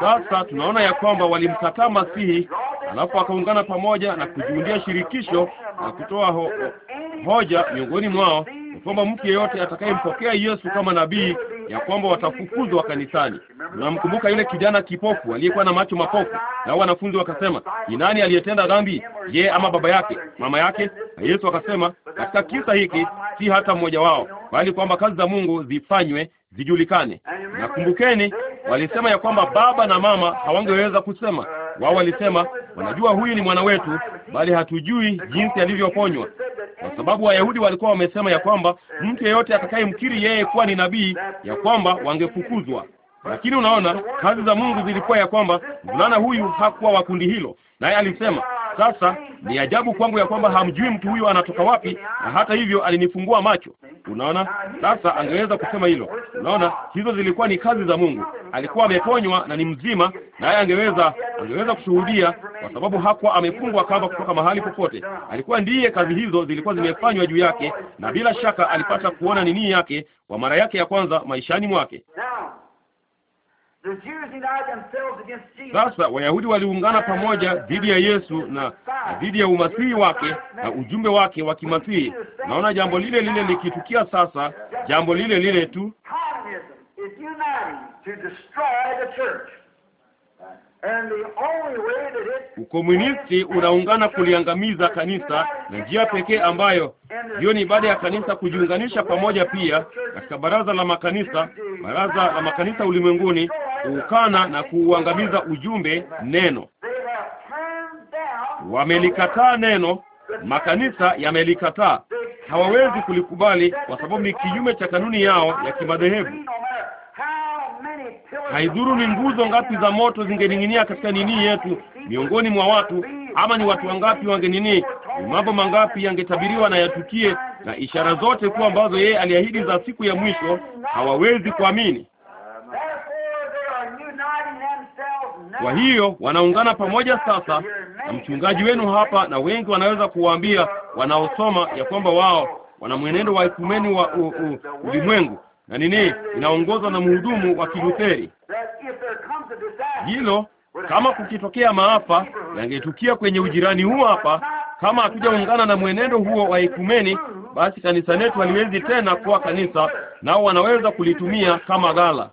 Sasa tunaona ya kwamba walimkataa Masihi, alafu wakaungana pamoja na kujiundia shirikisho na kutoa ho hoja miongoni mwao kwamba mtu yeyote atakayempokea Yesu kama nabii ya kwamba watafukuzwa kanisani. Unamkumbuka yule kijana kipofu aliyekuwa na macho mapofu, na wanafunzi wakasema, ni nani aliyetenda dhambi, ye ama baba yake, mama yake? Na Yesu akasema, katika kisa hiki si hata mmoja wao, bali kwamba kazi za Mungu zifanywe zijulikane. nakumbukeni walisema ya kwamba baba na mama hawangeweza kusema. Wao walisema wanajua huyu ni mwana wetu, bali hatujui jinsi alivyoponywa kwa sababu Wayahudi walikuwa wamesema ya kwamba mtu yeyote atakayemkiri yeye kuwa ni nabii, ya kwamba wangefukuzwa. Lakini unaona, kazi za Mungu zilikuwa ya kwamba mvulana huyu hakuwa wa kundi hilo, naye alisema sasa ni ajabu kwangu ya kwamba hamjui mtu huyo anatoka wapi, na hata hivyo alinifungua macho. Unaona, sasa angeweza kusema hilo. Unaona, hizo zilikuwa ni kazi za Mungu. Alikuwa ameponywa na ni mzima, naye angeweza angeweza kushuhudia, kwa sababu hakuwa amefungwa kamba kutoka mahali popote. Alikuwa ndiye, kazi hizo zilikuwa zimefanywa juu yake, na bila shaka alipata kuona nini yake kwa mara yake ya kwanza maishani mwake. Sasa Wayahudi waliungana uh, pamoja dhidi ya Yesu na dhidi ya umasihi wake na ujumbe wake wa kimasihi. Naona jambo lile lile likitukia sasa, jambo lile lile tu Ukomunisti unaungana kuliangamiza kanisa, na njia pekee ambayo hiyo ni baada ya kanisa kujiunganisha pamoja pia katika baraza la makanisa, baraza la makanisa ulimwenguni, kuukana na kuuangamiza ujumbe neno. Wamelikataa neno, makanisa yamelikataa, hawawezi kulikubali kwa sababu ni kinyume cha kanuni yao ya kimadhehebu. Haidhuru ni nguzo ngapi za moto zingening'inia katika nini yetu miongoni mwa watu, ama ni watu wangapi wangenini, ni mambo mangapi yangetabiriwa na yatukie, na ishara zote kuwa ambazo yeye aliahidi za siku ya mwisho, hawawezi kuamini. Kwa hiyo wanaungana pamoja sasa, na mchungaji wenu hapa, na wengi wanaweza kuwaambia wanaosoma ya kwamba wao wana mwenendo wa ekumeni wa ulimwengu na nini inaongozwa na mhudumu wa Kilutheri. Hilo kama kukitokea maafa yangetukia kwenye ujirani huu hapa, kama hatujaungana na mwenendo huo wa ekumeni, basi kanisa letu haliwezi tena kuwa kanisa, nao wanaweza kulitumia kama ghala.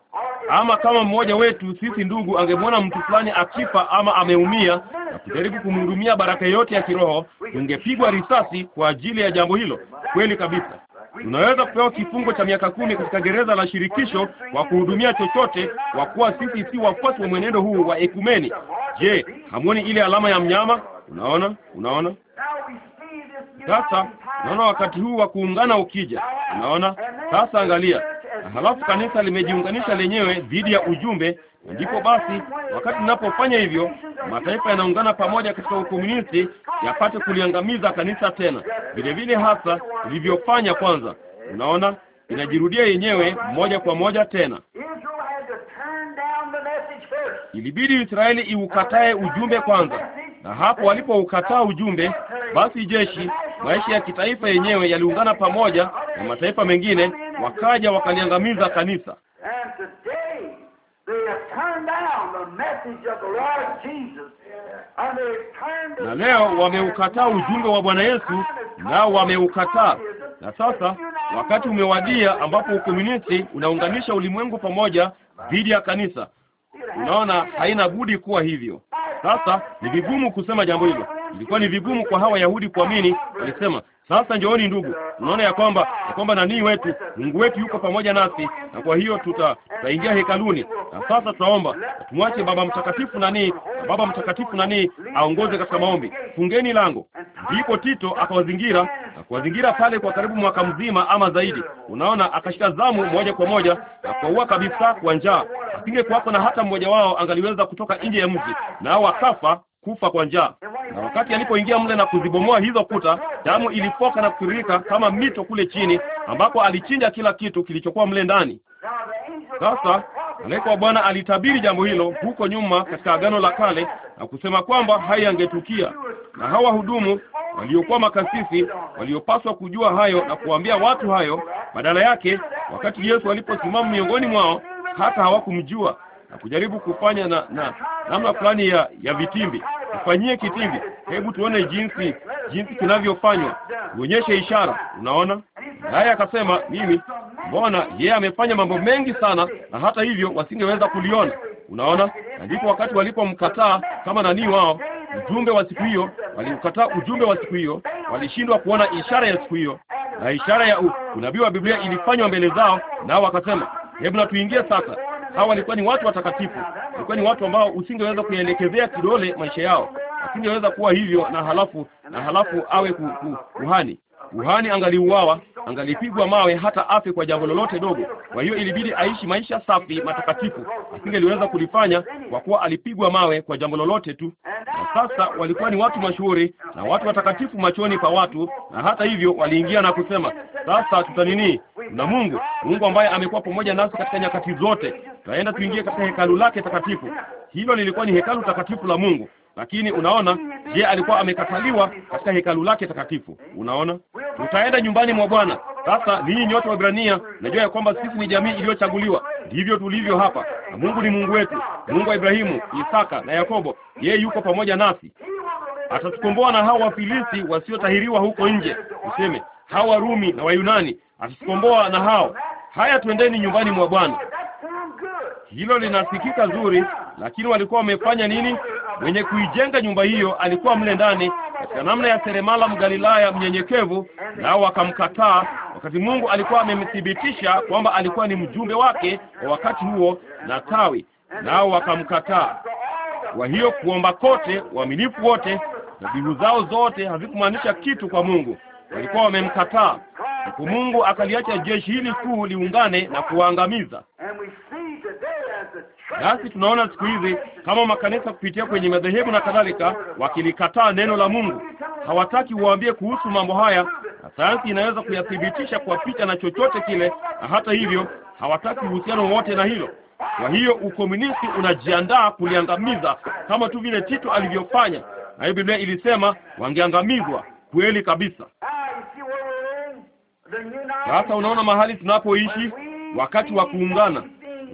Ama kama mmoja wetu sisi ndugu angemwona mtu fulani akifa ama ameumia na kujaribu kumhudumia baraka yote ya kiroho, tungepigwa risasi kwa ajili ya jambo hilo. Kweli kabisa. Unaweza kupewa kifungo cha miaka kumi katika gereza la shirikisho kwa kuhudumia chochote, kwa kuwa sisi si wafuasi wa mwenendo huu wa ekumeni. Je, hamuoni ile alama ya mnyama? Unaona, unaona sasa. Unaona wakati huu wa kuungana ukija, unaona sasa. Angalia, halafu kanisa limejiunganisha lenyewe dhidi ya ujumbe Ndipo basi, wakati ninapofanya hivyo, mataifa yanaungana pamoja katika ukomunisti yapate kuliangamiza kanisa tena, vile vile hasa ilivyofanya kwanza. Unaona, inajirudia yenyewe moja kwa moja tena. Ilibidi Israeli iukatae ujumbe kwanza, na hapo walipoukataa ujumbe, basi jeshi, maisha ya kitaifa yenyewe yaliungana pamoja na mataifa mengine, wakaja wakaliangamiza kanisa na leo wameukataa ujumbe wa Bwana Yesu, nao wameukataa. Na sasa wakati umewadia ambapo ukomunisti unaunganisha ulimwengu pamoja dhidi ya kanisa. Unaona, haina budi kuwa hivyo. Sasa ni vigumu kusema jambo hilo. Ilikuwa ni vigumu kwa hawa Wayahudi kuamini. Walisema sasa njooni ndugu, unaona ya kwamba ya kwamba nani wetu Mungu wetu yuko pamoja nasi, na kwa hiyo tuta tutaingia hekaluni na sasa tutaomba, tumwache Baba Mtakatifu nani na Baba Mtakatifu nani aongoze katika maombi. Fungeni lango. Ndipo Tito akawazingira na kuwazingira pale kwa karibu mwaka mzima ama zaidi. Unaona, akashika zamu moja kwa moja na kuwaua kabisa kwa njaa. Asingekuwako na hata mmoja wao angaliweza kutoka nje ya mji, nao wakafa kufa kwa njaa, na wakati alipoingia mle na kuzibomoa hizo kuta, damu ilipoka na kutiririka kama mito kule chini, ambapo alichinja kila kitu kilichokuwa mle ndani. Sasa malaika wa Bwana alitabiri jambo hilo huko nyuma katika Agano la Kale na kusema kwamba haya yangetukia, na hawa hudumu waliokuwa makasisi waliopaswa kujua hayo na kuwaambia watu hayo, badala yake, wakati Yesu aliposimama miongoni mwao, hata hawakumjua na kujaribu kufanya na na namna fulani ya ya vitimbi. Kufanyie kitimbi, hebu tuone jinsi jinsi kinavyofanywa, uonyeshe ishara. Unaona, naye akasema, mimi mbona yeye yeah, amefanya mambo mengi sana, na hata hivyo wasingeweza kuliona. Unaona, na ndipo wakati walipomkataa kama nani wao ujumbe wa siku hiyo, waliukataa ujumbe wa siku hiyo, walishindwa kuona ishara ya siku hiyo, na ishara ya unabii wa Biblia ilifanywa mbele zao, nao wakasema, hebu na tuingie sasa Hawa walikuwa ni watu watakatifu, walikuwa ni watu ambao usingeweza kuyaelekezea kidole maisha yao, asingeweza kuwa hivyo, na halafu na halafu awe ku, ku, kuhani kuhani angaliuawa, angalipigwa mawe, hata afe kwa jambo lolote dogo. Kwa hiyo ilibidi aishi maisha safi matakatifu, asingeliweza kulifanya kwa kuwa alipigwa mawe kwa jambo lolote tu. Na sasa walikuwa ni watu mashuhuri na watu watakatifu machoni pa watu, na hata hivyo waliingia na kusema, sasa tutanini na Mungu, Mungu ambaye amekuwa pamoja nasi katika nyakati zote. Tutaenda tuingie katika hekalu lake takatifu. Hilo lilikuwa ni hekalu takatifu la Mungu, lakini unaona, je, alikuwa amekataliwa katika hekalu lake takatifu? Unaona, tutaenda nyumbani mwa Bwana. Sasa ninyi nyote wa Ibrania, najua ya kwamba sisi ni jamii iliyochaguliwa, ndivyo tulivyo hapa, na Mungu ni Mungu wetu, Mungu wa Ibrahimu, Isaka na Yakobo. Yeye yuko pamoja nasi, atatukomboa na hao Wafilisti wasiotahiriwa huko nje, useme hawa Warumi na Wayunani akitukomboa na hao. Haya, twendeni nyumbani mwa Bwana. Hilo linasikika zuri, lakini walikuwa wamefanya nini? Mwenye kuijenga nyumba hiyo alikuwa mle ndani katika namna ya seremala Mgalilaya mnyenyekevu, nao wakamkataa, wakati Mungu alikuwa amemthibitisha kwamba alikuwa ni mjumbe wake kwa wakati huo na tawi, nao wakamkataa. Kwa hiyo kuomba kote, uaminifu wote na bihu zao zote hazikumaanisha kitu kwa Mungu. Walikuwa wamemkataa, ndipo Mungu akaliacha jeshi hili kuu liungane na kuwaangamiza. Nasi tunaona siku hizi kama makanisa kupitia kwenye madhehebu na kadhalika, wakilikataa neno la Mungu, hawataki uwaambie kuhusu mambo haya, na sayansi inaweza kuyathibitisha kwa picha na chochote kile, na hata hivyo hawataki uhusiano wote na hilo. Kwa hiyo ukomunisti unajiandaa kuliangamiza kama tu vile Tito alivyofanya, na hiyo Biblia ilisema wangeangamizwa. Kweli kabisa. Sasa unaona mahali tunapoishi, wakati wa kuungana,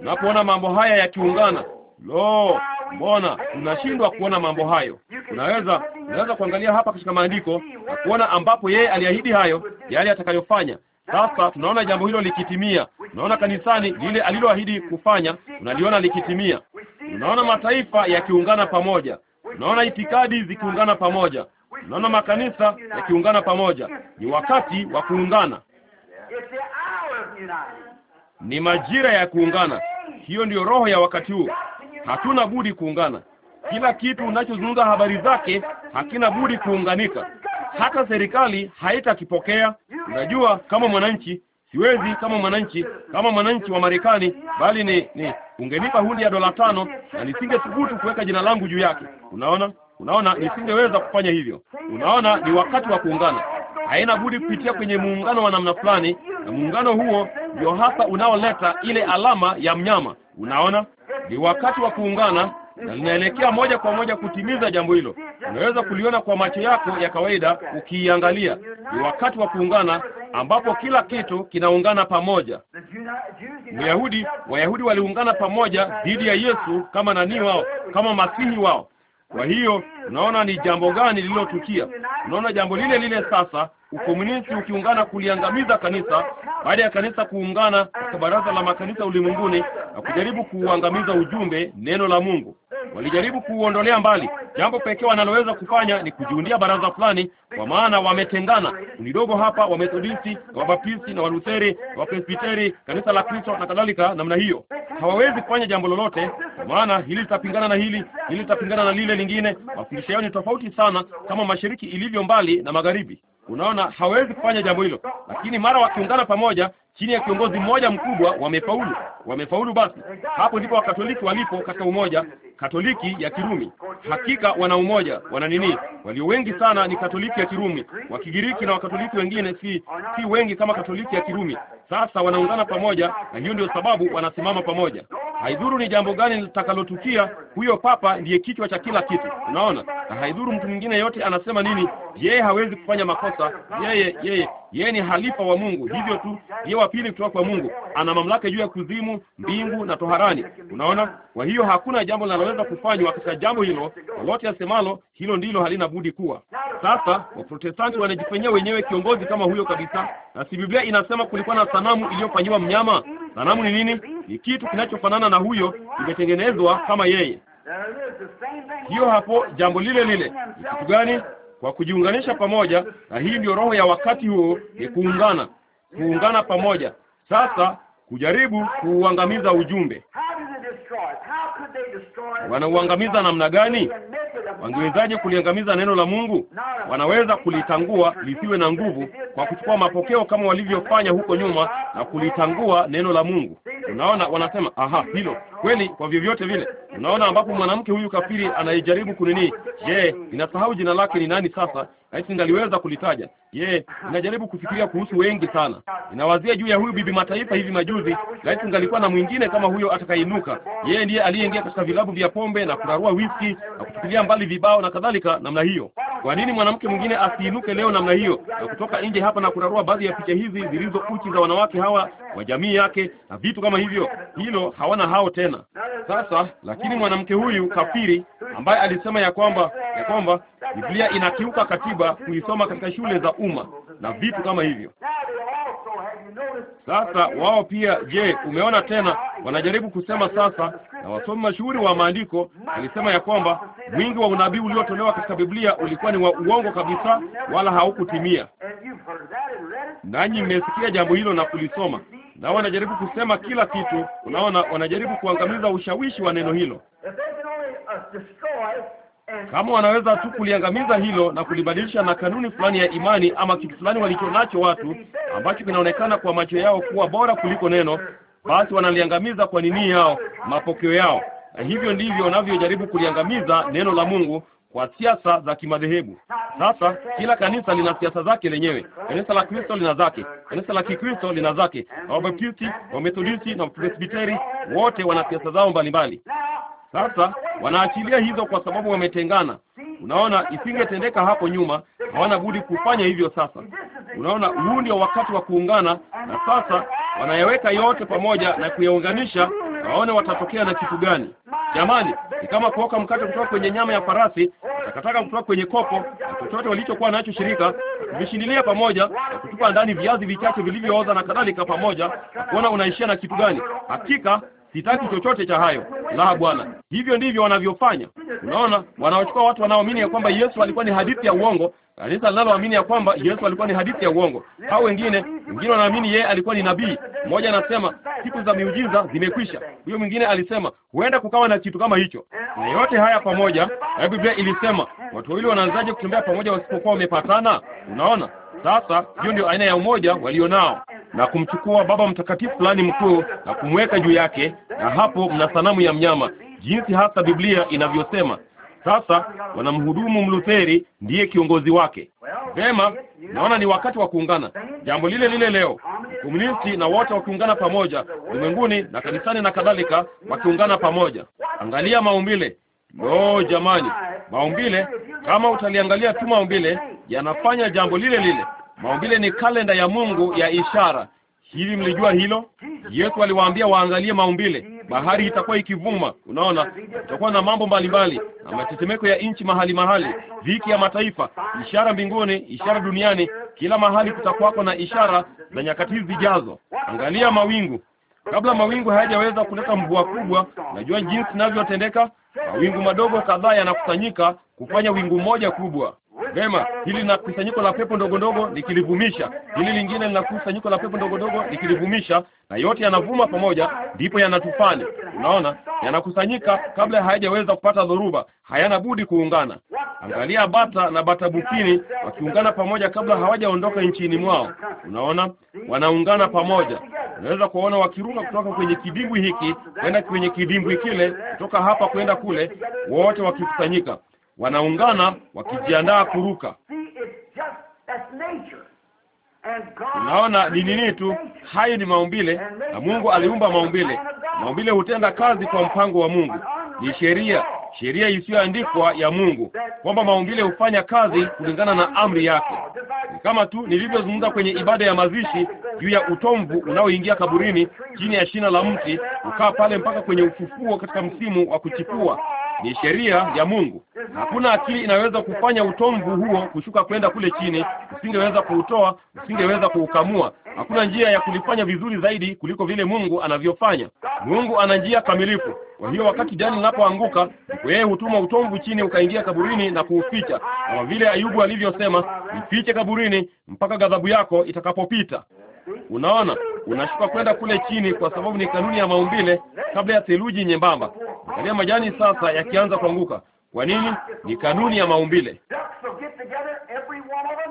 unapoona mambo haya yakiungana, lo, mbona unashindwa kuona mambo hayo? Unaweza unaweza kuangalia hapa katika maandiko na kuona ambapo yeye aliahidi hayo, yale atakayofanya. Sasa tunaona jambo hilo likitimia. Unaona kanisani lile aliloahidi kufanya, unaliona likitimia. Unaona mataifa yakiungana pamoja, unaona itikadi zikiungana pamoja, unaona makanisa yakiungana pamoja. Ni wakati wa kuungana. Ni majira ya kuungana. Hiyo ndiyo roho ya wakati huu. Hatuna budi kuungana. Kila kitu unachozungumza habari zake hakina budi kuunganika. Hata serikali haitakipokea. Unajua, kama mwananchi siwezi, kama mwananchi, kama mwananchi wa Marekani, bali ni, ni ungenipa hundi ya dola tano na nisingethubutu kuweka jina langu juu yake. Unaona, unaona, nisingeweza kufanya hivyo. Unaona, ni wakati wa kuungana haina budi kupitia kwenye muungano wa namna fulani, na muungano huo ndio hasa unaoleta ile alama ya mnyama. Unaona, ni wakati wa kuungana na linaelekea moja kwa moja kutimiza jambo hilo. Unaweza kuliona kwa macho yako ya kawaida ukiiangalia. Ni wakati wa kuungana ambapo kila kitu kinaungana pamoja. Wayahudi Wayahudi waliungana pamoja dhidi ya Yesu kama nani wao, kama masihi wao. Kwa hiyo unaona ni jambo gani lililotukia? Unaona jambo lile lile sasa ukomunisti ukiungana kuliangamiza kanisa, baada ya kanisa kuungana katika baraza la makanisa ulimwenguni na kujaribu kuuangamiza ujumbe, neno la Mungu. Walijaribu kuuondolea mbali. Jambo pekee wanaloweza kufanya ni kujiundia baraza fulani, kwa maana wametengana. nidogo hapa Wamethodisti na Wabaptisti na Walutheri na Wapresbiteri, kanisa la Kristo na kadhalika, namna hiyo. Hawawezi kufanya jambo lolote, kwa maana hili litapingana na hili, hili litapingana na lile lingine. Mafundisho yao ni tofauti sana, kama mashariki ilivyo mbali na magharibi. Unaona, hawezi kufanya jambo hilo, lakini mara wakiungana pamoja chini ya kiongozi mmoja mkubwa wamefaulu, wamefaulu. Basi hapo ndipo Wakatoliki walipo katika umoja, Katoliki ya Kirumi. Hakika wana umoja, wana nini? Walio wengi sana ni Katoliki ya Kirumi. Wakigiriki na Wakatoliki wengine si si wengi kama Katoliki ya Kirumi. Sasa wanaungana pamoja, na hiyo ndio sababu wanasimama pamoja. Haidhuru ni jambo gani litakalotukia, huyo papa ndiye kichwa cha kila kitu, unaona. Na haidhuru mtu mwingine yote anasema nini, yeye hawezi kufanya makosa, yeye yeye yeye ni halifa wa Mungu, hivyo tu. Yeye wa pili kutoka kwa Mungu, ana mamlaka juu ya kuzimu, mbingu na toharani. Unaona, kwa hiyo hakuna jambo linaloweza kufanywa katika jambo hilo. Lolote asemalo hilo ndilo halina budi kuwa. Sasa Waprotestanti wanajifanyia wenyewe kiongozi kama huyo kabisa, na si Biblia inasema kulikuwa na sanamu iliyofanywa mnyama? Sanamu ni nini? Ni kitu kinachofanana na huyo, imetengenezwa kama yeye. Hiyo hapo, jambo lile lile. Kitu gani? kwa kujiunganisha pamoja, na hii ndio roho ya wakati huo ni kuungana, kuungana pamoja. Sasa kujaribu kuuangamiza ujumbe, wanauangamiza namna gani? Wangewezaje kuliangamiza neno la Mungu? Wanaweza kulitangua lisiwe na nguvu kwa kuchukua mapokeo kama walivyofanya huko nyuma na kulitangua neno la Mungu. Unaona, wanasema aha, hilo kweli. Kwa vyovyote vile, unaona ambapo mwanamke huyu kafiri anaijaribu kunini. Je, ninasahau jina lake ni nani sasa? Laiti ningaliweza kulitaja. Je, ninajaribu kufikiria kuhusu wengi sana. Ninawazia juu ya huyu bibi mataifa hivi majuzi. Laiti ningalikuwa na mwingine kama huyo atakainuka. Yeye ndiye aliyeingia katika vilabu vya pombe na kurarua whisky na kutupilia mbali vibao na kadhalika namna hiyo. Kwa nini mwanamke mwingine asiinuke leo namna hiyo na kutoka nje hapa na kurarua baadhi ya picha hizi zilizo uchi za wanawake hawa wa jamii yake na vitu kama hivyo? Hilo hawana hao tena sasa. Lakini mwanamke huyu kafiri ambaye alisema ya kwamba ya kwamba Biblia inakiuka katiba kuisoma katika shule za umma na vitu kama hivyo. Sasa wao pia, je, umeona tena, wanajaribu kusema sasa, na wasomi mashuhuri wa maandiko walisema ya kwamba wingi wa unabii uliotolewa katika Biblia ulikuwa ni wa uongo kabisa, wala haukutimia. Nanyi mmesikia jambo hilo na kulisoma, na wanajaribu kusema kila kitu. Unaona, wanajaribu kuangamiza ushawishi wa neno hilo. Kama wanaweza tu kuliangamiza hilo na kulibadilisha na kanuni fulani ya imani ama kitu fulani walicho nacho watu ambacho kinaonekana kwa macho yao kuwa bora kuliko neno, basi wanaliangamiza kwa nini yao, mapokeo yao, na hivyo ndivyo wanavyojaribu kuliangamiza neno la Mungu kwa siasa za kimadhehebu. Sasa kila kanisa lina siasa zake lenyewe. Kanisa la Kristo lina zake, kanisa la Kikristo lina zake, na Wabaptisti, Wamethodisti na Wapresbiteri wote wana siasa zao mbalimbali. Sasa wanaachilia hizo kwa sababu wametengana. Unaona, isingetendeka hapo nyuma, hawana budi kufanya hivyo sasa. Unaona, huu ndio wakati wa kuungana, na sasa wanayaweka yote pamoja na kuyaunganisha, waone watatokea na kitu gani. Jamani, ni kama kuoka mkate kutoka kwenye nyama ya farasi, takataka kutoka kwenye kopo, na chochote walichokuwa nacho shirika, kuvishindilia pamoja na kutupa ndani viazi vichache vilivyooza na kadhalika pamoja, na kuona unaishia na kitu gani. Hakika Sitaki chochote cha hayo. La, Bwana, hivyo ndivyo wanavyofanya. Unaona, wanaochukua watu wanaoamini ya kwamba Yesu alikuwa ni hadithi ya uongo, kanisa linaloamini ya kwamba Yesu alikuwa ni hadithi ya uongo. Hao wengine wengine wanaamini yeye alikuwa ni nabii. Mmoja anasema siku za miujiza zimekwisha, huyo mwingine alisema huenda kukawa na kitu kama hicho. Na yote haya pamoja, Biblia ilisema watu wawili wanaanzaje kutembea pamoja wasipokuwa wamepatana? Unaona sasa hiyo ndio aina ya umoja walio nao, na kumchukua baba mtakatifu fulani mkuu na kumweka juu yake, na hapo mna sanamu ya mnyama, jinsi hasa Biblia inavyosema. Sasa wanamhudumu Mlutheri, ndiye kiongozi wake. Vema, naona ni wakati wa kuungana. Jambo lile lile leo, komunisti na wote wakiungana pamoja ulimwenguni na kanisani na kadhalika, wakiungana pamoja. Angalia maumbile No jamani, maumbile kama utaliangalia tu maumbile yanafanya jambo lile lile. Maumbile ni kalenda ya Mungu ya ishara. Hivi mlijua hilo? Yesu aliwaambia waangalie maumbile, bahari itakuwa ikivuma. Unaona, itakuwa na mambo mbalimbali na matetemeko ya nchi mahali mahali, dhiki ya mataifa, ishara mbinguni, ishara duniani. Kila mahali kutakuwako na ishara za nyakati zijazo. Angalia mawingu, kabla mawingu hayajaweza kuleta mvua kubwa. Najua jinsi inavyotendeka. Mawingu madogo kadhaa yanakusanyika kufanya wingu moja kubwa. Vema, hili lina kusanyiko la pepo ndogo ndogo likilivumisha, hili lingine lina kusanyiko la pepo ndogo ndogo likilivumisha, na yote yanavuma pamoja, ndipo yanatufani. Unaona, yanakusanyika kabla hayajaweza kupata dhoruba, hayana budi kuungana. Angalia bata na bata bukini wakiungana pamoja kabla hawajaondoka nchini mwao. Unaona, wanaungana pamoja. Unaweza kuwaona wakiruka kutoka kwenye kidimbwi hiki kwenda kwenye kidimbwi kile, kutoka hapa kwenda kule, wote wakikusanyika wanaungana wakijiandaa kuruka. Unaona, ni nini tu, hayo ni maumbile, na Mungu aliumba maumbile. Maumbile hutenda kazi kwa mpango wa Mungu. Ni sheria, sheria isiyoandikwa ya Mungu, kwamba maumbile hufanya kazi kulingana na amri yake. Ni kama tu nilivyozungumza kwenye ibada ya mazishi juu ya utomvu unaoingia kaburini chini ya shina la mti, ukaa pale mpaka kwenye ufufuo katika msimu wa kuchipua ni sheria ya Mungu. Hakuna akili inaweza kufanya utomvu huo kushuka kwenda kule chini. Usingeweza kuutoa, usingeweza kuukamua. Hakuna njia ya kulifanya vizuri zaidi kuliko vile Mungu anavyofanya. Mungu ana njia kamilifu. Kwa hiyo wakati jani linapoanguka, yeye hutuma utomvu chini ukaingia kaburini na kuuficha, kama vile Ayubu alivyosema, ifiche kaburini mpaka ghadhabu yako itakapopita. Unaona, unashuka kwenda kule chini, kwa sababu ni kanuni ya maumbile kabla ya theluji nyembamba. Angalia majani sasa yakianza kuanguka. Kwa nini? Ni kanuni ya maumbile.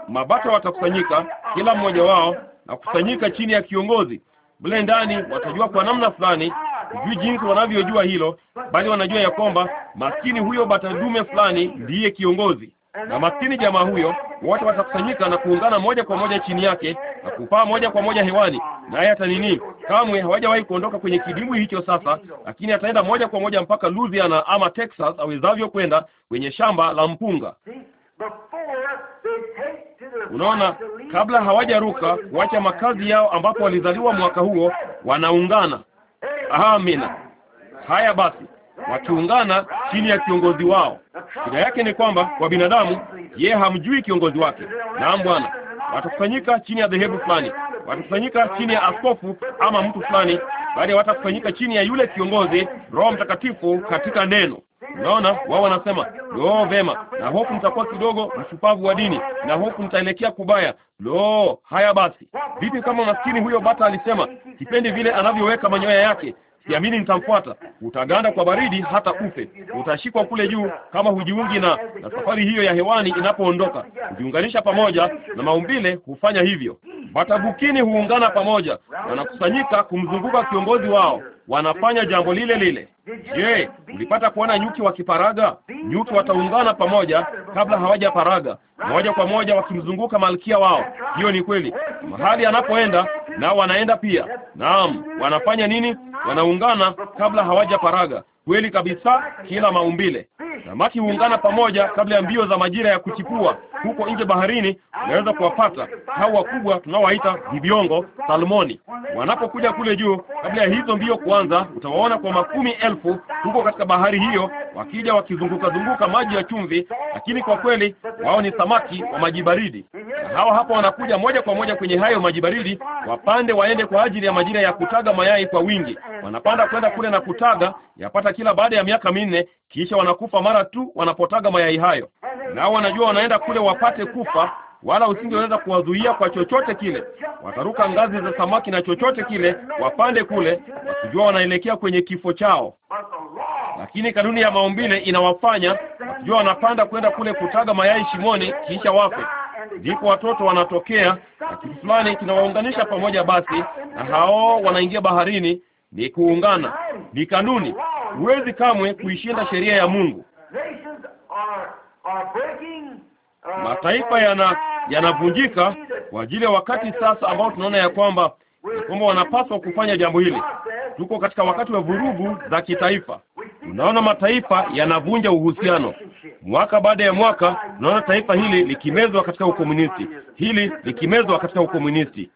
Mabata watakusanyika, kila mmoja wao na kukusanyika chini ya kiongozi bule ndani. Watajua kwa namna fulani, sijui jinsi wanavyojua hilo, bali wanajua ya kwamba maskini huyo bata dume fulani ndiye kiongozi, na maskini jamaa huyo wote watakusanyika na kuungana moja kwa moja chini yake na kupaa moja kwa moja hewani, naye hata nini, kamwe hawajawahi kuondoka kwenye kidimbwi hicho sasa, lakini ataenda moja kwa moja mpaka Louisiana ama Texas awezavyo kwenda kwenye shamba la mpunga. Unaona, kabla hawajaruka kuacha makazi yao ambapo walizaliwa mwaka huo, wanaungana. Amina. Haya basi wakiungana chini ya kiongozi wao. Shida yake ni kwamba kwa binadamu yeye hamjui kiongozi wake. Naam Bwana, watakusanyika chini ya dhehebu fulani, watakusanyika chini ya askofu ama mtu fulani, bali watakusanyika chini ya yule kiongozi, Roho Mtakatifu katika neno. Unaona, wao wanasema lo, vema, na hofu mtakuwa kidogo mshupavu wa dini, na hofu mtaelekea kubaya. Lo, haya basi, vipi kama maskini huyo bata alisema, sipendi vile anavyoweka manyoya yake, Siamini nitamfuata. Utaganda kwa baridi hata ufe, utashikwa kule juu kama hujiungi na, na safari hiyo ya hewani inapoondoka. Hujiunganisha pamoja na maumbile, hufanya hivyo. Batabukini huungana pamoja, wanakusanyika kumzunguka kiongozi wao wanafanya jambo lile lile. Je, ulipata kuona nyuki wakiparaga? Nyuki wataungana pamoja kabla hawajaparaga, moja kwa moja wakimzunguka malkia wao. Hiyo ni kweli, mahali anapoenda nao wanaenda pia. Naam, wanafanya nini? Wanaungana kabla hawajaparaga kweli kabisa, kila maumbile. Samaki huungana pamoja kabla ya mbio za majira ya kuchipua. Huko nje baharini unaweza kuwapata hao wakubwa tunaowaita vibiongo, salmoni. Wanapokuja kule juu, kabla ya hizo mbio kuanza, utawaona kwa makumi elfu huko katika bahari hiyo, wakija wakizunguka zunguka maji ya chumvi, lakini kwa kweli wao ni samaki wa maji baridi. Na hawa hapa wanakuja moja kwa moja kwenye hayo maji baridi, wapande waende kwa ajili ya majira ya kutaga mayai kwa wingi. Wanapanda kwenda kule na kutaga yapata kila baada ya miaka minne, kisha wanakufa mara tu wanapotaga mayai hayo. Nao wanajua wanaenda kule wapate kufa, wala usingeweza kuwazuia kwa chochote kile. Wataruka ngazi za samaki na chochote kile, wapande kule, wakijua wanaelekea kwenye kifo chao. Lakini kanuni ya maumbile inawafanya wakijua wanapanda kwenda kule kutaga mayai shimoni, kisha wafe. Ndipo watoto wanatokea na kitu fulani kinawaunganisha pamoja, basi na hao wanaingia baharini ni kuungana, ni kanuni. Huwezi kamwe kuishinda sheria ya Mungu. Uh, mataifa yana yanavunjika kwa ajili ya wakati sasa ambao tunaona ya kwamba kwamba wanapaswa kufanya jambo hili. Tuko katika wakati wa vurugu za kitaifa. Unaona, mataifa yanavunja uhusiano mwaka baada ya mwaka. tunaona taifa hili likimezwa katika ukomunisti, hili likimezwa katika ukomunisti,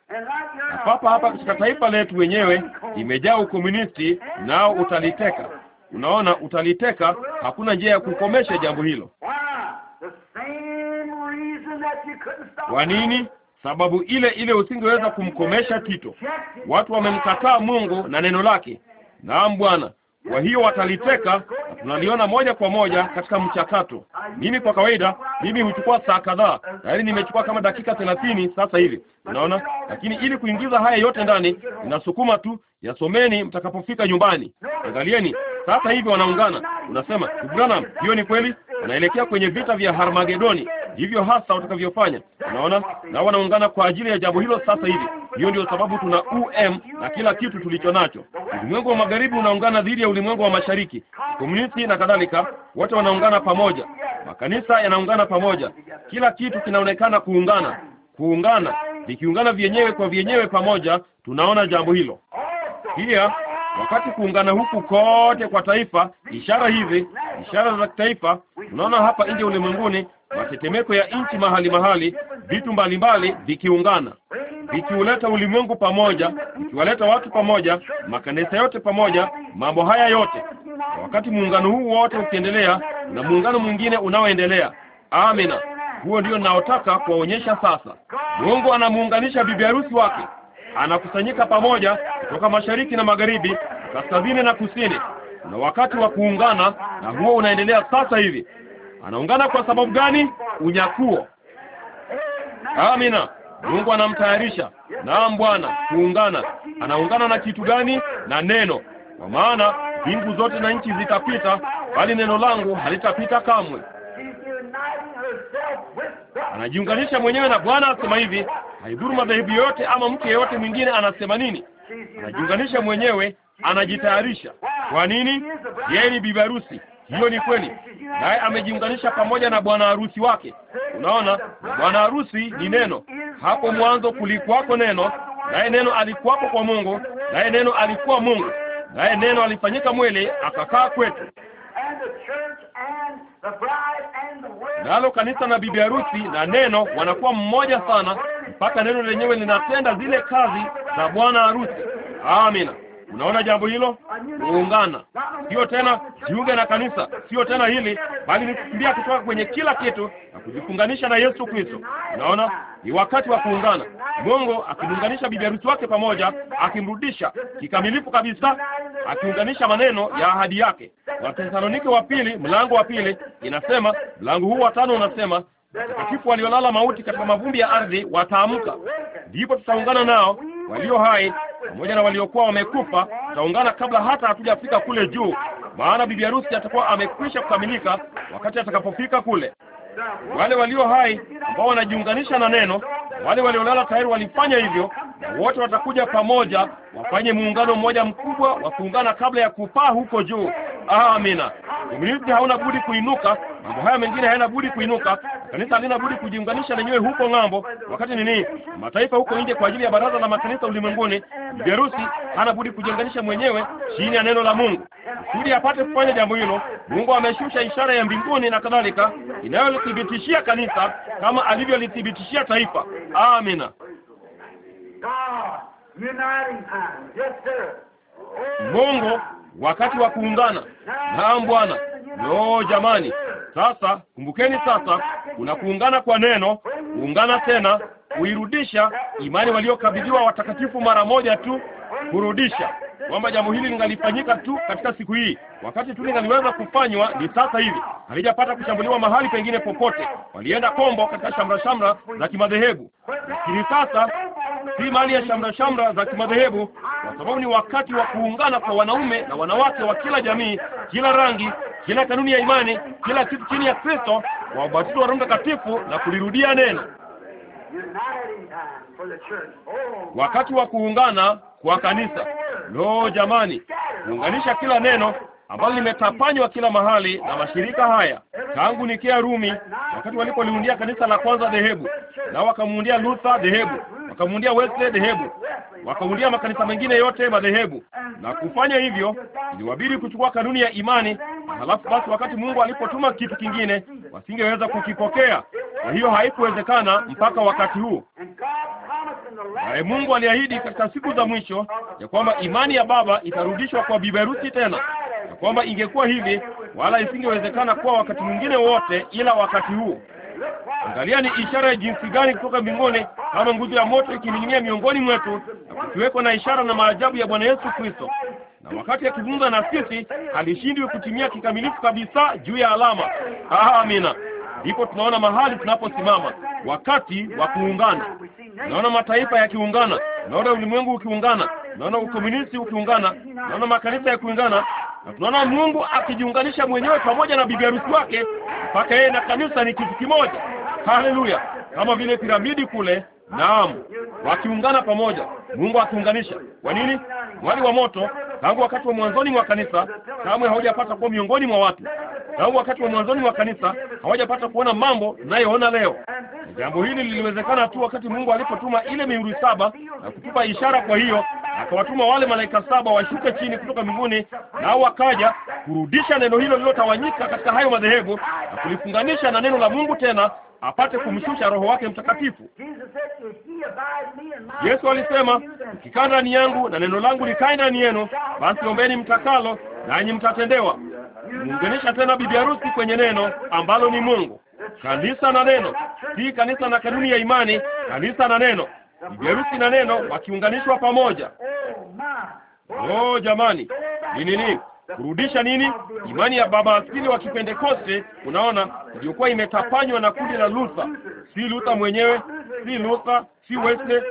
na papa hapa katika taifa letu wenyewe imejaa ukomunisti, nao utaliteka. Unaona, utaliteka. Hakuna njia ya kukomesha jambo hilo. Kwa nini? Sababu ile ile usingeweza kumkomesha Tito. Watu wamemkataa Mungu na neno lake. Naam Bwana, kwa hiyo wataliteka, tunaliona moja kwa moja katika mchakato. Mimi kwa kawaida, mimi huchukua saa kadhaa, tayari nimechukua kama dakika thelathini sasa hivi, unaona. Lakini ili kuingiza haya yote ndani, inasukuma tu, Yasomeni mtakapofika nyumbani. Angalieni sasa hivi wanaungana. Unasema, Branham, hiyo ni kweli? Wanaelekea kwenye vita vya Harmagedoni. Hivyo hasa watakavyofanya. Unaona, na wanaungana kwa ajili ya jambo hilo sasa hivi. Hiyo ndio sababu tuna UM na kila kitu tulicho nacho. Ulimwengu wa magharibi unaungana dhidi ya ulimwengu wa mashariki, komunisti na kadhalika, wote wanaungana pamoja, makanisa yanaungana pamoja, kila kitu kinaonekana kuungana, kuungana, vikiungana vyenyewe kwa vyenyewe pamoja. Tunaona jambo hilo pia wakati kuungana huku kote kwa taifa, ishara hizi, ishara za kitaifa, unaona hapa nje ulimwenguni, matetemeko ya nchi mahali mahali, vitu mbalimbali vikiungana, vikiuleta ulimwengu pamoja, vikiwaleta watu pamoja, makanisa yote pamoja, mambo haya yote wakati muungano huu wote ukiendelea na muungano mwingine unaoendelea. Amina, huo ndio ninaotaka kuwaonyesha sasa. Mungu anamuunganisha bibi harusi wake anakusanyika pamoja kutoka mashariki na magharibi, kaskazini na kusini. Kuna wakati wa kuungana, na huo unaendelea sasa hivi. Anaungana kwa sababu gani? Unyakuo. Amina. Mungu anamtayarisha. Naam Bwana, kuungana. Anaungana na kitu gani? Na neno. Kwa maana mbingu zote na nchi zitapita, bali neno langu halitapita kamwe anajiunganisha mwenyewe na Bwana asema hivi, haidhuru madhehebu yote ama mtu yeyote mwingine anasema nini, anajiunganisha mwenyewe, anajitayarisha. Kwa nini? Yeye ni bibi harusi. Hiyo ni kweli, naye amejiunganisha pamoja na bwana harusi wake. Unaona, bwana harusi ni neno. Hapo mwanzo kulikuwako neno, naye neno alikuwako kwa Mungu, naye neno alikuwa Mungu, naye neno alifanyika mwele akakaa kwetu nalo kanisa na bibi harusi na neno wanakuwa mmoja sana, mpaka neno lenyewe linatenda zile kazi za bwana harusi. Amina. Unaona jambo hilo, kuungana sio tena jiunge na kanisa, sio tena hili, bali ni kukimbia kutoka kwenye kila kitu na kujifunganisha na Yesu Kristo. Unaona, ni wakati wa kuungana, Mungu akimuunganisha bibi harusi wake pamoja, akimrudisha kikamilifu kabisa, akiunganisha maneno ya ahadi yake. Wathesalonike wa pili mlango wa pili inasema, mlango huu wa tano unasema Wasifu waliolala mauti katika mavumbi ya ardhi wataamka, ndipo tutaungana nao walio hai pamoja na waliokuwa wamekufa. Tutaungana kabla hata hatujafika kule juu, maana bibi harusi atakuwa amekwisha kukamilika wakati atakapofika kule. Wale walio hai ambao wanajiunganisha na neno wale waliolala tayari walifanya hivyo, na wote watakuja pamoja, wafanye muungano mmoja mkubwa wa kuungana kabla ya kupaa huko juu. Amina. Umiliki hauna budi kuinuka, mambo haya mengine hayana budi kuinuka. Kanisa halina budi kujiunganisha lenyewe huko ng'ambo, wakati nini mataifa huko nje kwa ajili ya baraza la makanisa ulimwenguni. jerusi hana budi kujiunganisha mwenyewe chini ya neno la Mungu ili apate kufanya jambo hilo. Mungu ameshusha ishara ya mbinguni na kadhalika, inayolithibitishia kanisa kama alivyolithibitishia taifa. Amina. Mungu wakati wa kuungana. Naam Bwana. Yo jamani, sasa kumbukeni, sasa kuna kuungana kwa neno, kuungana tena, kuirudisha imani waliokabidhiwa watakatifu mara moja tu, kurudisha kwamba jambo hili lingalifanyika tu katika siku hii, wakati tu lingaliweza kufanywa ni sasa hivi. Halijapata kushambuliwa mahali pengine popote, walienda kombo katika shamra shamra za kimadhehebu. Lakini sasa si mali ya shamra shamra za kimadhehebu, kwa sababu ni wakati wa kuungana kwa wanaume na wanawake wa kila jamii, kila rangi, kila kanuni ya imani, kila kitu chini ya Kristo, wa ubatizo wa Roho Mtakatifu na kulirudia neno, wakati wa kuungana kwa kanisa. Lo, jamani, kuunganisha kila neno ambalo limetapanywa kila mahali na mashirika haya tangu Nikea Rumi, wakati walipoliundia kanisa la kwanza dhehebu, na wakamuundia Luther dhehebu, wakamuundia Wesley dhehebu, wakaundia makanisa mengine yote madhehebu. Na kufanya hivyo iliwabidi kuchukua kanuni ya imani, na halafu basi, wakati Mungu alipotuma kitu kingine, wasingeweza kukipokea. Kwa hiyo haikuwezekana mpaka wakati huu naye Mungu aliahidi katika siku za mwisho ya kwamba imani ya baba itarudishwa kwa biberusi tena, na kwamba ingekuwa hivi wala isingewezekana kuwa wakati mwingine wote ila wakati huu. Angalia ni ishara ya jinsi gani kutoka mbinguni kama nguzo ya moto ikining'inia miongoni mwetu na kukiwekwa na ishara na maajabu ya Bwana Yesu Kristo. Na wakati akizungumza na sisi, alishindwi kutimia kikamilifu kabisa juu ya alama. amina. Ndipo tunaona mahali tunaposimama, wakati wa kuungana. Naona mataifa yakiungana, naona ulimwengu ukiungana, naona ukomunisti ukiungana, naona makanisa yakiungana, na tunaona Mungu akijiunganisha mwenyewe pamoja na bibi harusi wake, mpaka yeye na kanisa ni kitu kimoja. Haleluya! Kama vile piramidi kule Naam, wakiungana pamoja, Mungu akiunganisha. Kwa nini? Mwali wa moto tangu wakati wa mwanzoni mwa kanisa kamwe hawajapata kuwa miongoni mwa watu. Tangu wakati wa mwanzoni mwa kanisa hawajapata kuona mambo tunayoona leo. Jambo hili liliwezekana tu wakati Mungu alipotuma ile mihuri saba na kutupa ishara. Kwa hiyo akawatuma wale malaika saba washuke chini kutoka mbinguni, nao wakaja kurudisha neno hilo lililotawanyika katika hayo madhehebu na kulifunganisha na neno la Mungu tena apate kumshusha Roho wake Mtakatifu. Yesu alisema, mkikaa ndani yangu na neno langu likae ndani yenu, basi ombeni mtakalo, nanyi mtatendewa. Muunganisha tena bibi harusi kwenye neno ambalo ni Mungu. Kanisa na neno, si kanisa na kanuni ya imani. Kanisa na neno, bibi harusi na neno, wakiunganishwa pamoja. Oh, oh jamani, ni nini? kurudisha nini, imani ya baba asili wa Kipentekoste, unaona, iliyokuwa imetapanywa na kundi la Luther. Si Luther mwenyewe, si Luther, si Wesley,